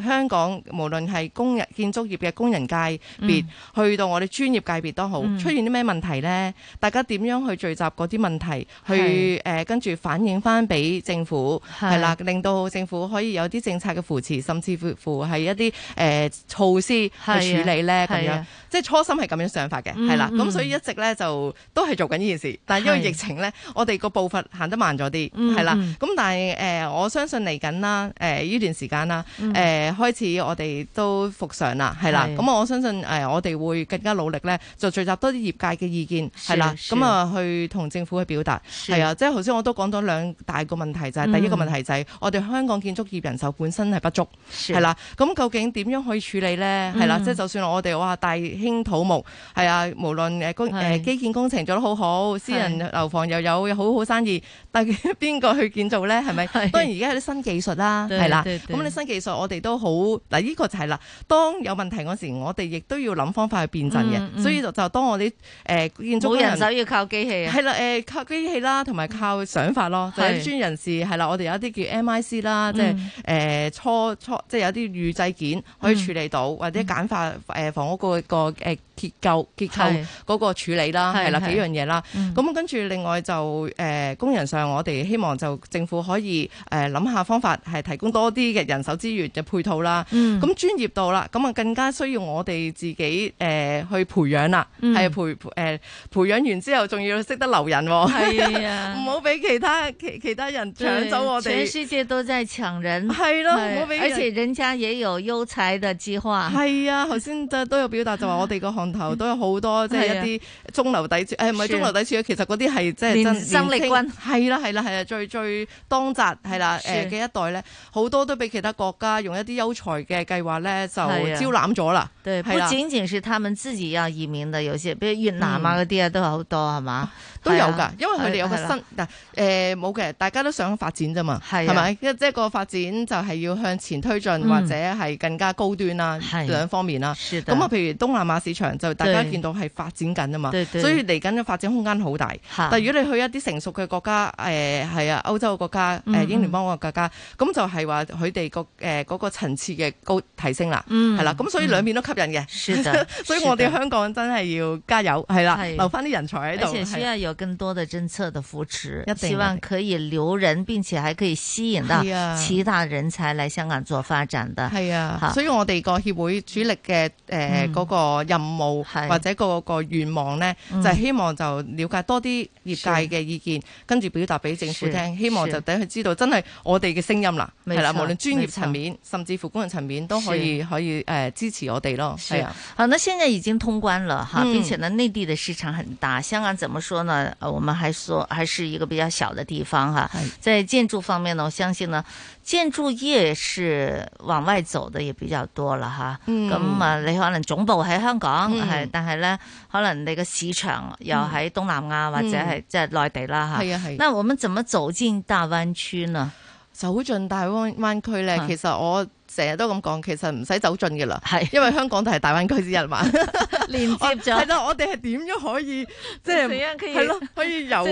Speaker 3: 香港無論係工人建築業嘅工人界別，去到我哋專業界別都好，出現啲咩問題咧？大家點樣去聚集嗰啲問題，去誒跟住反映翻俾政府係啦，令到政府可以有啲政策嘅扶持，甚至乎係一啲誒措施去處理咧咁樣。即係初心係咁樣想法嘅，係啦。咁所以一直咧就都係做緊呢件事，但係因為疫情咧，我哋個步伐行得慢咗啲，係啦。咁但係誒，我相信嚟緊啦，誒呢段時間啦，誒。開始我哋都復常啦，係啦，咁我相信誒我哋會更加努力咧，就聚集多啲業界嘅意見係啦，咁啊去同政府去表達係啊，即係頭先我都講咗兩大個問題，就係第一個問題就係我哋香港建築業人手本身係不足，係啦，咁究竟點樣可以處理咧？係啦，即係就算我哋哇大興土木，係啊，無論誒誒基建工程做得好好，私人樓房又有好好生意，但係邊個去建造咧？係咪？當然而家有啲新技術啦，係啦，咁你新技術我哋都。都好嗱，依、這個就係、是、啦。當有問題嗰時候，我哋亦都要諗方法去變陣嘅。嗯嗯、所以就就當我啲誒建築人手要
Speaker 1: 靠機器、啊，係啦，誒、呃、靠機
Speaker 3: 器啦，同埋靠想法咯。喺是專業人士係啦，我哋、嗯呃、有一啲叫 MIC 啦，即係誒初初即係有啲預製件可以處理到，嗯、或者簡化誒、呃、房屋個個誒。呃結構結構嗰個處理啦，係啦，幾樣嘢啦。咁跟住另外就誒工人上，我哋希望就政府可以誒諗下方法，係提供多啲嘅人手資源嘅配套啦。咁專業到啦，咁啊更加需要我哋自己誒去培養啦，係培誒培養完之後，仲要識得留人。係啊，
Speaker 1: 唔好俾其他其其他人搶走我哋。全世界都在搶人，係咯，而且人家也有優才的計劃。係啊，頭先都有表達，就話我
Speaker 3: 哋個行。頭都有好多，即係一啲中流砥柱。誒唔係中流砥柱，其實嗰啲係即係真生力軍。係啦，係啦，係啊，最最當擲係啦誒嘅一代咧，好多都俾其
Speaker 1: 他國家用一啲優才嘅計劃咧，就招攬咗啦。對，係啦，不僅僅是他們自己要移民嘅，有時比如越南啊嗰啲啊都好多係嘛，都有㗎，因為佢哋有
Speaker 3: 個新嗱誒冇嘅，大家都想發展啫嘛，係咪？即係個發展就係要向前推進，或者係更加高端啦，兩方面啦。咁啊，譬如東南亞市場。就大家見到係發展緊啊嘛，所以嚟緊嘅發展空間好大。但如果你去一啲成熟嘅國家，誒，係啊，歐洲嘅國家，誒英聯邦嘅國家，咁就係話佢哋個誒個層次嘅高提升啦，係啦。咁所以兩面都吸引嘅，所以我哋香
Speaker 1: 港真係要加油，係啦，留翻啲人才喺度，而且需要有更多的政策的扶持，希望可以留人，並且還可以吸引到其他人才嚟香港做發展的。係啊，所以
Speaker 3: 我哋個協會主力嘅誒個任務。或者個個願望呢，就係希望就了解多啲業界嘅意見，跟住表達俾政府聽，希望就等佢知道，真係我哋嘅聲音啦，係啦，無論專業層
Speaker 1: 面，甚至乎工人層面都可以可以誒支持我哋咯。係啊，好，那現在已經通關了哈，並且呢，內地的市場很大，香港怎麼說呢？我們還說，還是一個比較小的地方哈。在建築方面呢，我相信呢。建築業是往外走的也比較多了嚇，咁啊、嗯、你可能總部喺香港，係、嗯、但係呢，可能你個市場又喺東南亞、嗯、或者係即係內地啦嚇。係啊係。那我們怎麼走進大灣區啊？走進大灣區呢，其
Speaker 3: 實我，成日都咁講，其實唔使走進嘅啦，係因為香港係大灣區之一嘛，連接咗係啦。我哋係點樣可以即係點樣可以係咯？可以
Speaker 1: 遊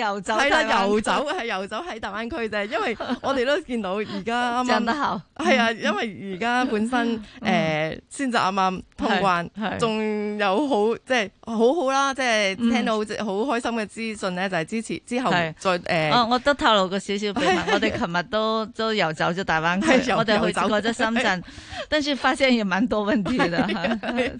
Speaker 1: 遊走係啦，遊走
Speaker 3: 係遊走喺大灣區啫，因為我哋都見到
Speaker 1: 而家啱啱係啊，因
Speaker 3: 為而家本身誒先至啱啱通關，仲有好即係好好啦，即係聽到好開心嘅資訊
Speaker 1: 咧，就係支持之後再誒。哦，我都透露個少少秘密，我哋琴日都都遊走咗大灣區。我哋去走過咗深圳，但是發現有蠻多問題啦，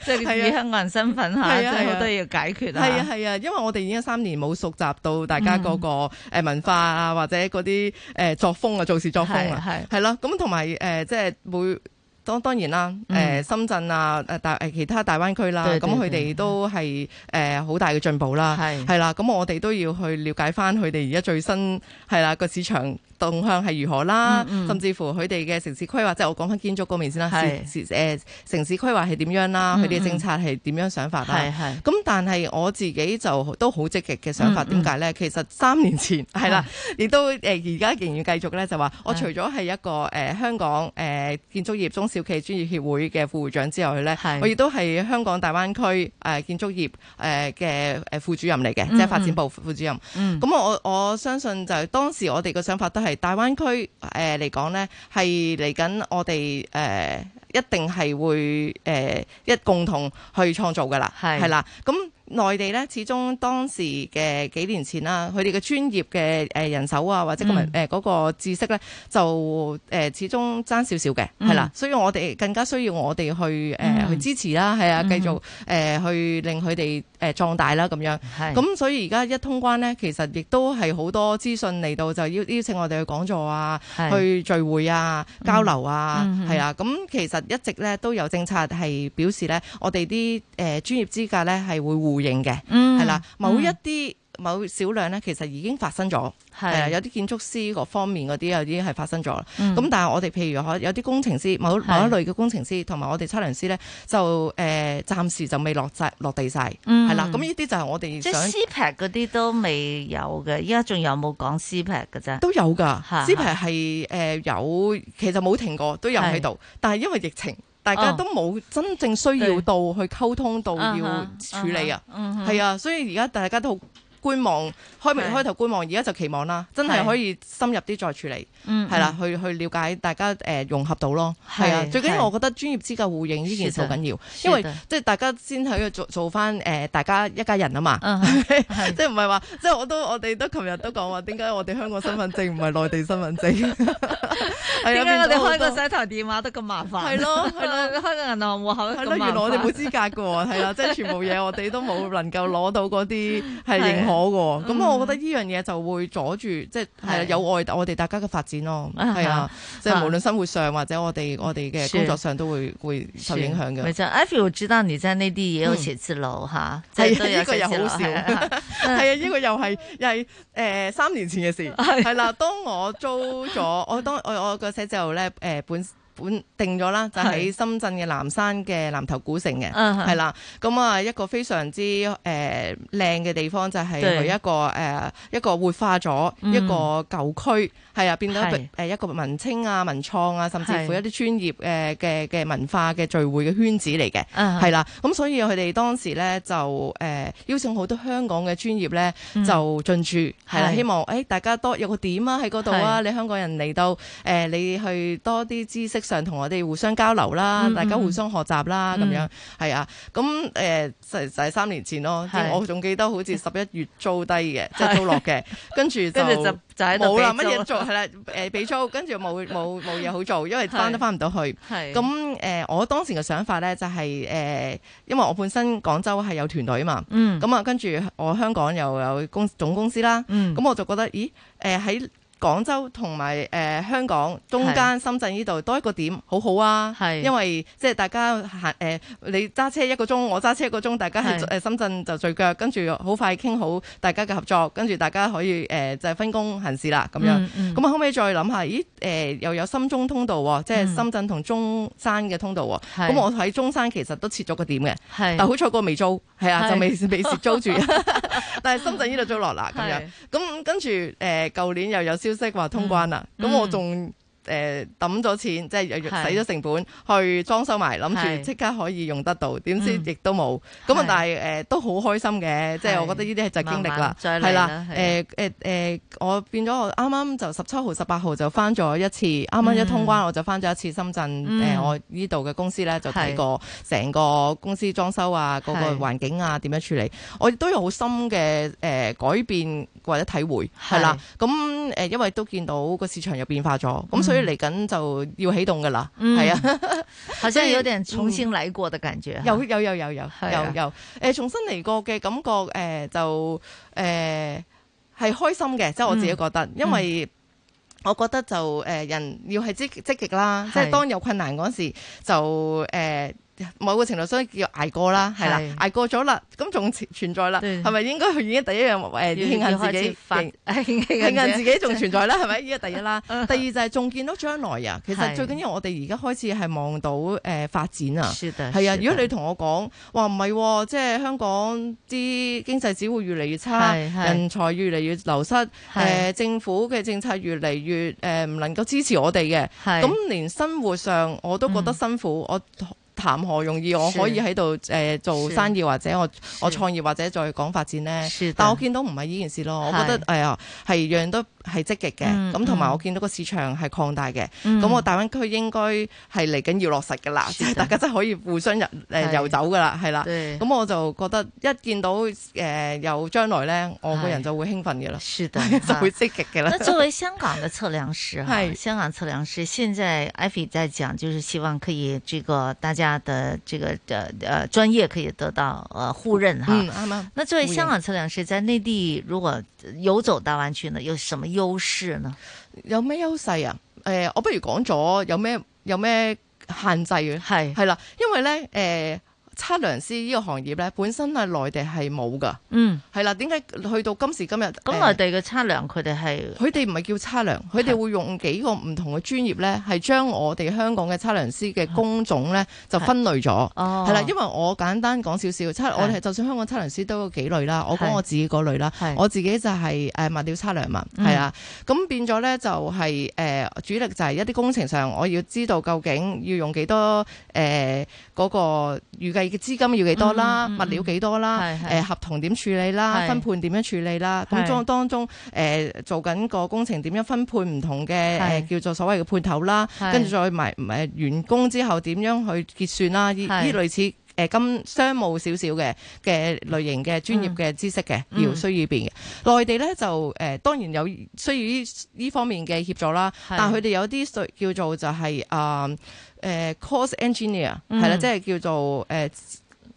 Speaker 1: 即係以香港人身份嚇，真係好多要解決啊！係啊係
Speaker 3: 啊，因為我哋已經三年冇熟習到大家嗰個文化啊，或者嗰啲誒作風啊，做事作風啊，係係咯。咁同埋誒，即係會當當然啦，誒深圳啊，誒大誒其他大灣區啦，咁佢哋都係誒好大嘅進步啦，係係啦。咁我哋都要去了解翻佢哋而家最新係啦個市場，動向係如何啦，甚至乎佢哋嘅城市規劃，即係我講翻建築方面先啦，誒城市規劃係點樣啦，佢哋嘅政策係點樣想法啦。咁但係我自己就都好積極嘅想法，點解呢？其實三年前係啦，亦都誒而家仍然繼續咧，就話我除咗係一個誒香港誒建築業中小企專業協會嘅副會長之外呢，我亦都係香港大灣區誒建築業誒嘅副主任嚟嘅，即係發展部副主任。咁我我相信就係當時我哋嘅想法都係。大灣區誒嚟講咧，係嚟緊，我哋、呃、一定係會、呃、一共同去創造噶啦，係啦是，咁。內地咧，始終當時嘅幾年前啦，佢哋嘅專業嘅誒人手啊，或者誒嗰個知識咧，嗯、就誒始終爭少少嘅，係啦、嗯。所以我哋更加需要我哋去誒、呃、去支持啦，係啊、嗯，繼續誒、嗯呃、去令佢哋誒壯大啦，咁樣。咁係啊，所以而家一通關咧，其實亦都係好多資訊嚟到，就邀邀請我哋去講座啊，係啊，去聚會啊，交流啊，係啊。咁其實一直咧都有政策係表示咧，我哋啲誒專業資格咧係會呼應嘅，係啦、嗯，某一啲、嗯、某少量咧，其實已經發生咗，係的、呃、有啲建築師嗰方面嗰啲已經係發生咗，咁、嗯、但係我哋譬如可有啲工程師，某某一類嘅工程師，同埋的我哋測量師咧，就誒暫、呃、時就未落晒落地晒，係啦、嗯，咁呢啲就係我哋即係
Speaker 1: CPED 嗰啲都未
Speaker 3: 有嘅，依家仲有冇講 CPED 嘅啫？都有噶，CPED 係誒有，其實冇停過，都有喺度，是的但係因為疫情。大家都冇真正需要到去溝通到要處理啊、oh，係、uh、啊、huh, uh huh, uh huh，所以而家大家都好。觀望開明開頭觀望，而家就期望啦，真係可以深入啲再處理，係啦，去去了解大家誒融合到咯，係啊，最緊要我覺得專業資格互認呢件事好緊要，因為即係大家先喺度做做翻誒大家一家人啊嘛，即係唔係話即係我都我哋都琴日都講話點解我哋香港身份證唔係內地身份證？
Speaker 1: 點解我哋開個洗頭電話都咁麻煩？係咯，開個銀行戶口都咁麻煩，原來我哋冇資
Speaker 3: 格嘅喎，係啊，即係全部嘢我哋都冇能夠攞到嗰啲係認。我咁我覺得呢樣嘢就會阻住，即係係有礙我哋大家嘅發展咯。係啊，即係無論生活上或者我哋我哋嘅工作上都會會受影響嘅。咪
Speaker 1: 就 I feel 知道你真係呢啲嘢好少知道嚇。係呢個又好少。
Speaker 3: 係啊，呢個又係三年前嘅事。係啦，當我租咗我當我我個寫字樓咧本。本定咗啦，就喺、是、深圳嘅南山嘅南頭古城嘅，係啦的，咁啊一個非常之誒靚嘅地方，就係佢一個誒對、呃、一個活化咗、嗯、一個舊區，係啊，變咗誒一，的、呃、一個文青啊、文創啊，甚至乎一啲專業誒嘅嘅文化嘅聚會嘅圈子嚟嘅，係啦的，咁所以佢哋當時咧就誒、呃、邀請好多香港嘅專業咧就進駐，係啦，希望誒、欸、大家多有個點啊喺度啊，的你香港人嚟到誒、呃、你去多啲知識。常同我哋互相交流啦，大家互相學習啦，咁、嗯嗯、樣係啊。咁誒、呃，就就係三年前咯。是我仲記得好似十一月租低嘅，是即係租落嘅，跟住就就冇啦，乜嘢都做係啦？誒，俾租跟住冇冇冇嘢好做，因為翻都翻唔到去。咁誒、呃，我當時嘅想法咧就係、是、誒、呃，因為我本身廣州係有團隊啊嘛。咁啊、嗯，跟住我香港又有公總公司啦。咁、嗯、我就覺得，咦？誒、呃、喺。廣州同埋誒香港中間深圳呢度多一個點好好啊！是因為即係大家行，呃、你揸車一個鐘，我揸車一個鐘，大家喺深圳就聚腳，跟住好快傾好大家嘅合作，跟住大家可以誒、呃、就係，分工行事啦，咁樣，咁啊、嗯嗯、後屘再諗下，咦誒、呃、又有深中通道，哦，即係深圳同中山嘅通道，哦。咁、嗯、我喺中山其實都設咗個點嘅，是但好彩個未租，係是啊就未未設租住。 [laughs] 但係深圳呢度租落啦，咁樣咁跟住誒舊年又有消息。消息話通關啦，咁、嗯、我仲。嗯誒抌咗錢，即係用使咗成本去裝修埋，諗住即刻可以用得到，點知亦都冇。咁啊，但係誒都好開心嘅，即係我覺得呢啲係就經歷啦，係啦，誒誒我變咗我啱啱就十七號、十八號就翻咗一次，啱啱一通關我就翻咗一次深圳誒，我呢度嘅公司咧就睇過成個公司裝修啊，嗰個環境啊點樣處理，我亦都有好深嘅誒改變或者體會係啦。咁誒因為都見到個市場又變化咗，咁。所以嚟緊就要起動噶啦，
Speaker 1: 係、嗯、啊，即係有啲重新嚟過嘅感覺，有有
Speaker 3: 有有有有有，誒、呃，重新嚟過嘅感覺，誒、呃，就誒係、呃、開心嘅，即係、嗯、我自己覺得，因為我覺得就誒、呃、人要係積積極啦，嗯、即係當有困難嗰時是就誒。呃某個程度，所以叫捱過啦，係啦，捱過咗啦，咁仲存在啦，係咪應該已經第一樣誒，要慶幸自己，慶幸自己仲存在啦，係咪？呢個第一啦，第二就係仲見到將來啊。其實最緊要我哋而家開始係望到誒發展啊，係啊。如果你同我講話唔係，即係香港啲經濟只會越嚟越差，人才越嚟越流失，誒，政府嘅政策越嚟越誒唔能夠支持我哋嘅，咁連生活上我都覺得辛苦，我。談何容易？我可以喺度誒做生意，或者我我創業，或者再講發展咧。是的 但我見到唔係呢件事咯，我覺得是的 哎呀，係讓得。係積極嘅，咁同埋我見到個市場係擴大嘅，咁我大灣區應該係嚟緊要落實嘅啦，即係大家真係可以互相入誒遊走噶啦，係啦，咁我就覺得一見到誒有將來咧，我個人就會興奮
Speaker 1: 嘅啦，就會積極嘅啦。作為香港嘅測量師，香港測量師現在 Ivy 在講，就是希望可以這個大家的這個專業可以得到互認哈。嗯，那作為香港測量師，在內地如果。遊走大灣區呢，有什麼優勢呢？有咩優勢啊？誒、欸，我不如講
Speaker 3: 咗有咩有咩限制嘅，係係啦，因為咧誒。欸測量師呢個行業咧，本身係內地係冇㗎，嗯，係啦。點解去到今時今日？咁內地嘅測量佢哋係佢哋唔係叫測量，佢哋的會用幾個唔同嘅專業咧，係的的將我哋香港嘅測量師嘅工種咧就分類咗。哦，係啦，因為我簡單講少少測，我哋就算香港嘅測量師都有幾類啦。我講我自己嗰類啦，我自己就係誒物料測量嘛，係啊。咁、嗯、變咗咧就係、是、誒、呃、主力就係一啲工程上，我要知道究竟要用幾多誒嗰、呃嗰個預計。嘅資金要幾多啦，嗯嗯嗯、物料幾多啦，誒合同點處理啦，分判點樣處理啦，咁當是是當中誒、呃、做緊個工程點樣分判唔同嘅誒是、呃、叫做所謂嘅判頭啦，跟住是再埋誒完、呃、工之後點樣去結算啦，呢依是類似。誒咁、呃、商務少少嘅嘅類型嘅專業嘅知識嘅、嗯、要需要變嘅、嗯、內地咧就誒、呃、當然有需要呢呢方面嘅協助啦，的但係佢哋有啲叫做就係誒誒 course engineer 係啦、嗯，即係叫做誒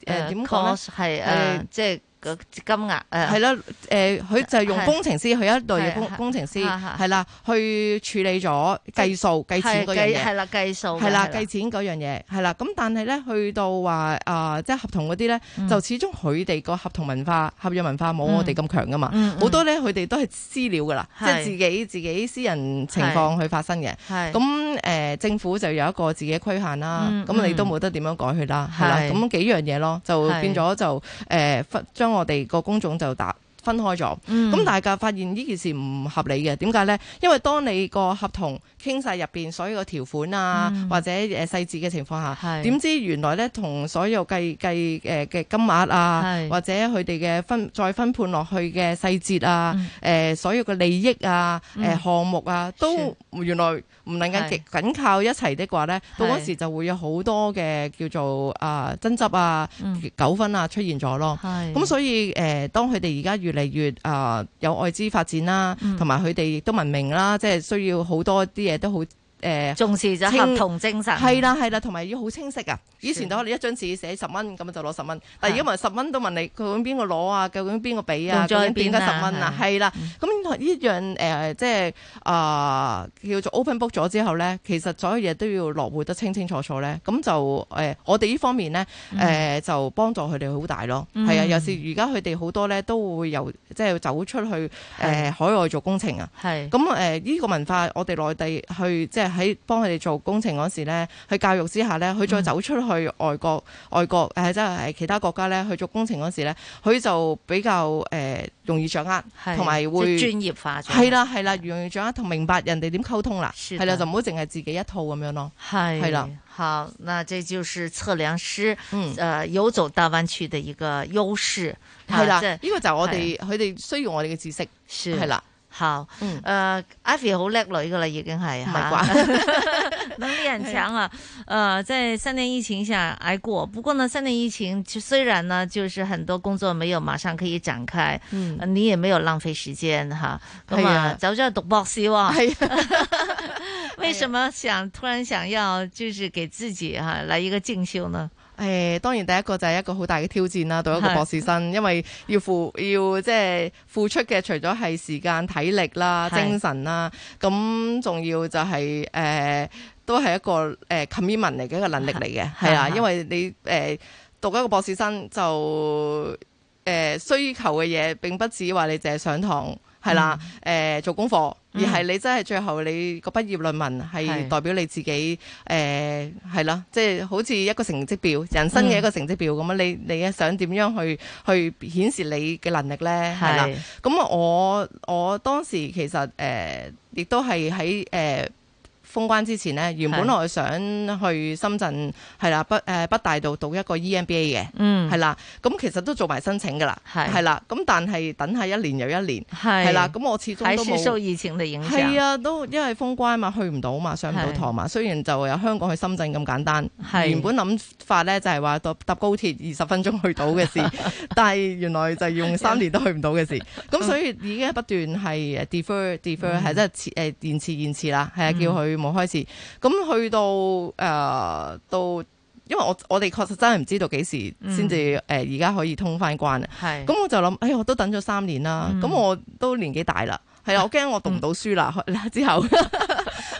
Speaker 3: 誒點講咧係誒即
Speaker 1: 係。個金額，係啦，
Speaker 3: 誒，佢就係用工程師，去一類嘅工工程師，係啦，去處理咗計數、計錢嗰樣嘢，係啦，
Speaker 1: 計數，係啦，計
Speaker 3: 錢嗰樣嘢，係啦，咁但係咧，去到話啊，即係合同嗰啲咧，就始終佢哋個合同文化、合約文化冇我哋咁強噶嘛，好多咧，佢哋都係私了噶啦，即係自己自己私人情況去發生嘅，咁誒政府就有一個自己嘅規限啦，咁你都冇得點樣改去啦，係啦，咁幾樣嘢咯，就變咗就誒將。我哋個工種就打分開咗，咁、嗯、大家發現呢件事唔合理嘅，點解咧？因為當你個合同。傾晒入邊所有嘅條款啊，或者誒細節嘅情況下，點知原來咧同所有計計誒嘅金額啊，或者佢哋嘅分再分判落去嘅細節啊，誒所有嘅利益啊，誒項目啊，都原來唔能夠緊緊靠一齊的話咧，到時就會有好多嘅叫做啊爭執啊糾紛啊出現咗咯。咁所以誒當佢哋而家越嚟越啊有外資發展啦，同埋佢哋亦都文明啦，即係需要好多啲嘢。都好。誒重視咗合同精神，係啦，係啦，同埋要好清晰噶。以前就我哋一張紙寫十蚊，咁就攞十蚊，是的但係而家問十蚊都問你，究竟邊個攞啊？究竟邊個俾啊？啊究竟點解十蚊啊？係啦，咁呢、嗯、樣誒、呃、即係啊、呃、叫做 open book 咗之後咧，其實所有嘢都要落會得清清楚楚咧。咁就誒、呃、我哋呢方面咧誒、呃、就幫助佢哋好大咯。係啊、嗯，尤其是而家佢哋好多咧都會有即係、就是、走出去誒、呃、海外做工程啊。係咁誒，依、嗯呃呢個文化我哋內地去即係。喺幫佢哋做工程嗰時咧，去教育之下咧，佢再走出去外國、外國誒，即係其他國家咧去做工程嗰時咧，佢就比較誒容易掌握，同埋會專業化。係啦係啦，容易掌握同明白人哋點溝通啦，係啦就唔好淨係自己一套
Speaker 1: 咁樣咯。係係啦，好，那這就是測量師誒遊走大灣區嘅一個優勢。係啦，呢個就係我哋佢哋需要我哋嘅知識，係啦。好，誒，Avi 好叻女噶啦，已經係，like、慣 [laughs] 能力很強啊！ [laughs] 呃，在三年疫情下捱過，不過呢三年疫情，雖然呢，就是很多工作沒有馬上可以展開，嗯、呃，你也沒有浪費時間，哈、嗯，咁嘛，早知道讀博士喎，係啊， [laughs] [laughs] 為什麼想突然想要就是給自己哈來一個進修呢？
Speaker 3: 誒、哎，當然第一個就係一個好大嘅挑戰啦，讀一個博士生，是因為要付要即係付出嘅，除咗係時間、體力啦、精神啦，咁仲是要就係、是、誒、呃，都係一個誒、呃、commitment 嚟嘅一個能力嚟嘅，係是啊，因為你誒、呃、讀一個博士生就誒、呃、需求嘅嘢，並不止話你淨係上堂。係啦，誒、呃、做功課，而係你真係最後你個畢業論文係代表你自己，誒係啦，即係是、呃就是、好似一個成績表，人生嘅一個成績表咁啊、嗯！你你想點樣去去顯示你嘅能力呢？係啦，咁是我我當時其實誒、呃、亦都係喺誒、呃封關之前呢，原本我想去深圳，係啦北誒、呃、北大道讀一個 EMBA 嘅，係、嗯、啦，咁其實都做埋申請㗎啦，係是啦，咁但係等下一年又一年，係是啦，咁我始終都冇以
Speaker 1: 前嚟影響，係啊，
Speaker 3: 都因為封關嘛，去唔到嘛，上唔到堂嘛。是雖然就由香港去深圳咁簡單，是原本諗法咧就係話搭搭高鐵二十分鐘去到嘅事， [laughs] 但係原來就用三年都去唔到嘅事。咁 [laughs] 所以已經不斷係 defer defer，係即係延遲延遲啦，係啊，叫佢。我開始咁去到誒、呃，到因為我我哋確實真係唔知道幾時先至誒，而家、嗯呃、可以通翻關啊！咁是我就諗，哎，我都等咗三年啦，咁、嗯、我都年紀大啦，係啦，我驚我讀唔到書啦，嗯、之後。 [laughs]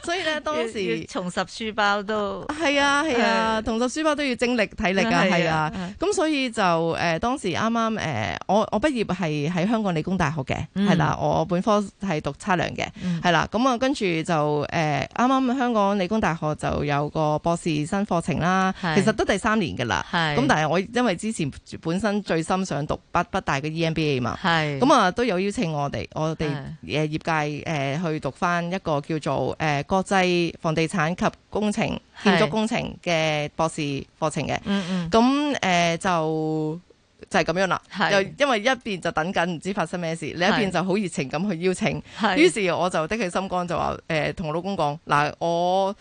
Speaker 1: 所以咧，當時重拾書包都係啊係啊，啊啊啊重拾書
Speaker 3: 包都要精力體力啊係啊，咁、啊啊、所以就誒、呃、當時啱啱誒我我畢業係喺香港理工大學嘅，係、嗯、啦，我本科係讀測量嘅，係、嗯、啦，咁啊跟住就誒啱啱香港理工大學就有個博士新課程啦，是其實都第三年㗎啦，咁是但係我因為之前本身最心想讀北北大嘅 EMBA 嘛，係，咁啊都有邀請我哋我哋誒業界誒去讀返一個叫做誒。呃國際房地產及工程、建築工程嘅博士課程嘅，咁誒、嗯嗯呃、就就係、是、咁樣啦。是又因為一邊就等緊唔知發生咩事，另一邊就好熱情咁去邀請。於是，是我就的起心肝就話：誒、呃，同我老公講，嗱、呃，我。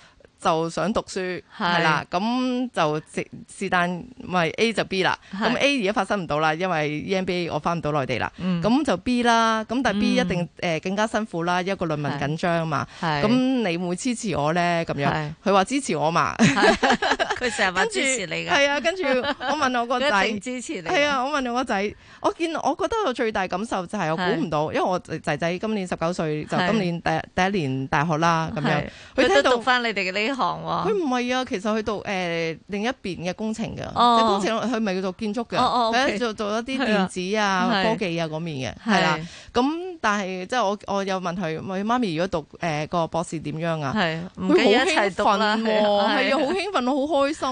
Speaker 3: 就想讀書係啦，咁就是是但，咪 A 就 B 啦。咁 A 而家發生唔到啦，因為 EMBA 我翻唔到內地啦。咁就 B 啦，咁但 B 一定誒更加辛苦啦，一個論文緊張吖嘛。咁你會支持我咧？咁樣佢話支持我嘛？
Speaker 1: 佢成日問支持你㗎。係啊，跟住我問我個仔支持你。係啊，
Speaker 3: 我問我個仔，我見我覺得我最大感受就係我估唔到，因為我仔仔今年十九歲，就今年第第一年大學啦。咁樣
Speaker 1: 佢聽到翻你哋嘅呢？
Speaker 3: 佢唔係啊，其實佢讀誒另一邊嘅工程嘅，即工程佢咪叫做建築嘅，佢做做一啲電子啊、科技啊嗰面嘅，係啦。咁但係即係我我有問佢，喂媽咪，如果讀誒個博士點樣啊？係，佢好興奮喎，係啊，好興奮，好開心，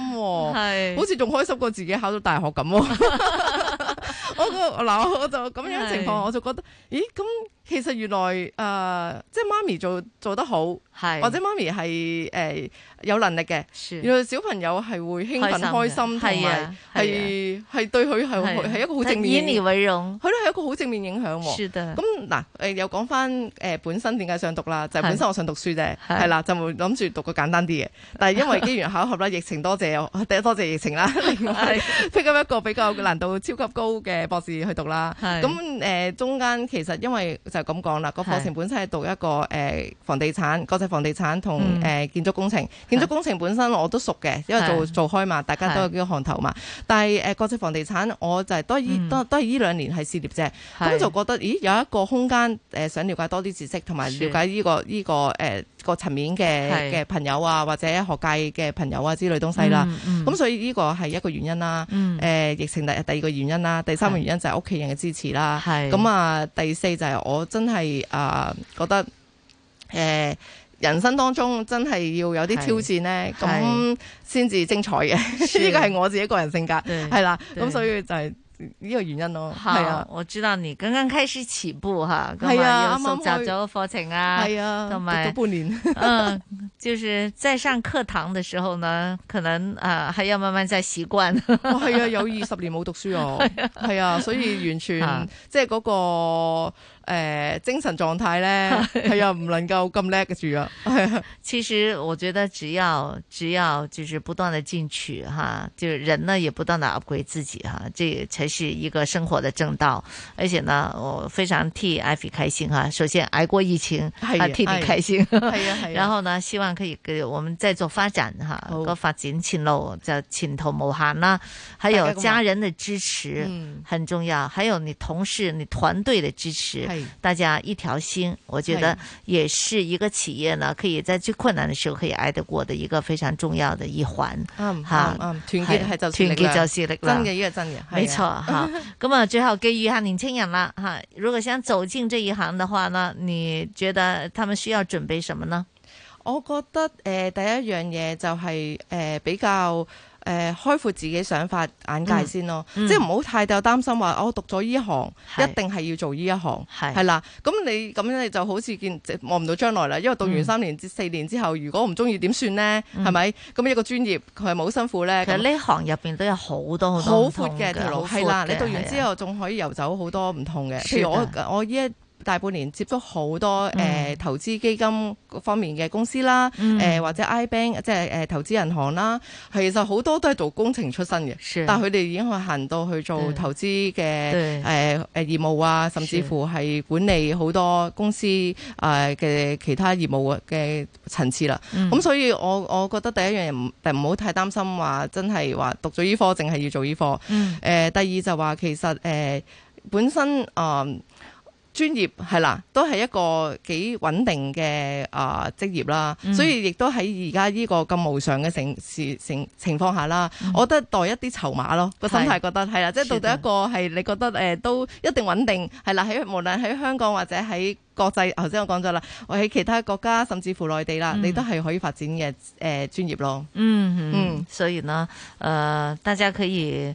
Speaker 3: 係，好似仲開心過自己考到大學咁。我嗰嗱，我就咁樣情況，我就覺得，咦？咁其實原來誒，即係媽咪做做得好，係或者媽咪係誒有能力嘅，原來小朋友係會興奮、開心，同埋係係對佢係係一個好正面。以你為榮，佢都係一個好正面影響喎。咁嗱誒，又講翻誒本身點解想讀啦？就係本身我想讀書啫，係啦，就會諗住讀個簡單啲嘅。但係因為機緣巧合啦，疫情多謝多謝疫情啦，另外係咁一個比較難度超級高，嘅博士去讀啦，咁誒是中間其實因為就咁講啦，個課程本身係讀一個誒房地產是國際房地產同誒建築工程，嗯、建築工程本身我都熟嘅，是因為做做開嘛，大家都係啲行頭嘛。是但係誒國際房地產我就係多依多都係依兩年係試業啫，咁是就覺得咦有一個空間誒想了解多啲知識同埋了解呢、呢個依、呢個誒。呃個層面嘅嘅朋友啊，是或者學界嘅朋友啊之類東西啦，咁、嗯嗯、所以呢個係一個原因啦。誒、嗯呃，疫情第第二個原因啦，第三個原因就係屋企人嘅支持啦。咁是啊，第四就係我真係啊、呃、覺得誒、呃，人生當中真係要有啲挑戰咧，咁先至精彩嘅。呢個係我自己個人性格係對啦，咁對所
Speaker 1: 以就係、是。呢個原因咯，係好啊，我知道你剛剛開始起步吓，咁啊，學習咗課程啊，係啊，讀咗有半年，嗯， [laughs] 就是在上課堂的時候呢，可能啊，還要慢慢再習慣，係、哦、啊，有二十年冇
Speaker 3: 讀書哦係 [laughs] 啊，啊所以完全、嗯、
Speaker 1: 即係嗰、嗰個。呃精神狀態呢，係 [laughs] 啊，唔能夠咁叻嘅住啊。係啊，其實我覺得只要只要就是不斷的進取哈，就人呢也不斷的 upgrade 自己哈，這才是一個生活的正道。而且呢，我非常替艾菲開心哈。首先挨過疫情，啊，替你開心。然後呢，希望可以，給我們再做發展，好做發展哈，個發展前路就前頭無涯啦。還有家人的支持，嗯，很重要。嗯、還有你同事、你團隊的支持。大家一條心，我覺得也是一個企業呢，可以在最困難的時候可以挨得過的一個非常重要的一環，嗯。嗯，哈，團結係就團結就是力量，真嘅，呢個真嘅，沒錯哈。咁啊， [laughs] 最後寄語下年輕人啦，哈，如果想走進這一行的話呢，你覺得他們需要準備什麼呢？我覺得，誒、呃，第一樣
Speaker 3: 嘢就係、是，誒、呃，比較。誒、呃，開闊自己想法眼界先咯，嗯嗯、即係唔好太大擔心話，我、哦、讀咗依行一定係要做依一行，係啦。咁你咁樣你就好似見望唔到將來啦，因為讀完三年至、嗯、四年之後，如果唔中意點算呢？係咪、嗯？咁一個專業佢係冇辛苦呢？其實呢行入邊都有好多好多好、嗯、闊嘅條路，係啦。你讀完之後仲可以遊走好多唔同嘅。的譬如我我依一。大半年接觸好多誒、呃、投資基金方面嘅公司啦，誒、嗯呃、或者 IBank 即係誒、呃、投資銀行啦，其實好多都係做工程出身嘅，是但係佢哋已經去行到去做投資嘅誒誒業務啊，甚至乎係管理好多公司誒嘅、呃、其他業務嘅層次啦。咁、嗯、所以我我覺得第一樣嘢唔唔好太擔心話真係話讀咗醫科，淨係要做醫科。誒、嗯呃、第二就話其實誒、呃、本身啊。呃專業係啦，都係一個幾穩定嘅啊、呃、職業啦，嗯、所以亦都喺而家呢個咁無常嘅成事情情況下啦，嗯、我覺得帶一啲籌碼咯，個心態覺得係是啦，即係到底一個係你覺得誒、呃、都一定穩定係啦，喺無論喺香港或者喺國際，頭先我講咗啦，或者其他國家甚至乎內地啦，嗯、你都係可以發展嘅誒、呃、
Speaker 1: 專業咯。嗯嗯，雖然啦，誒、呃、大家可以。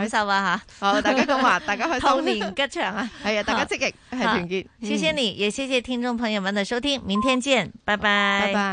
Speaker 1: 感受 [laughs] 啊吓！好， [laughs] 大家講話，大家開心，兔年吉祥啊！係啊，大家積極，係團結，謝謝你，嗯、也謝謝聽眾朋友們的收聽，明天見，拜拜。拜拜。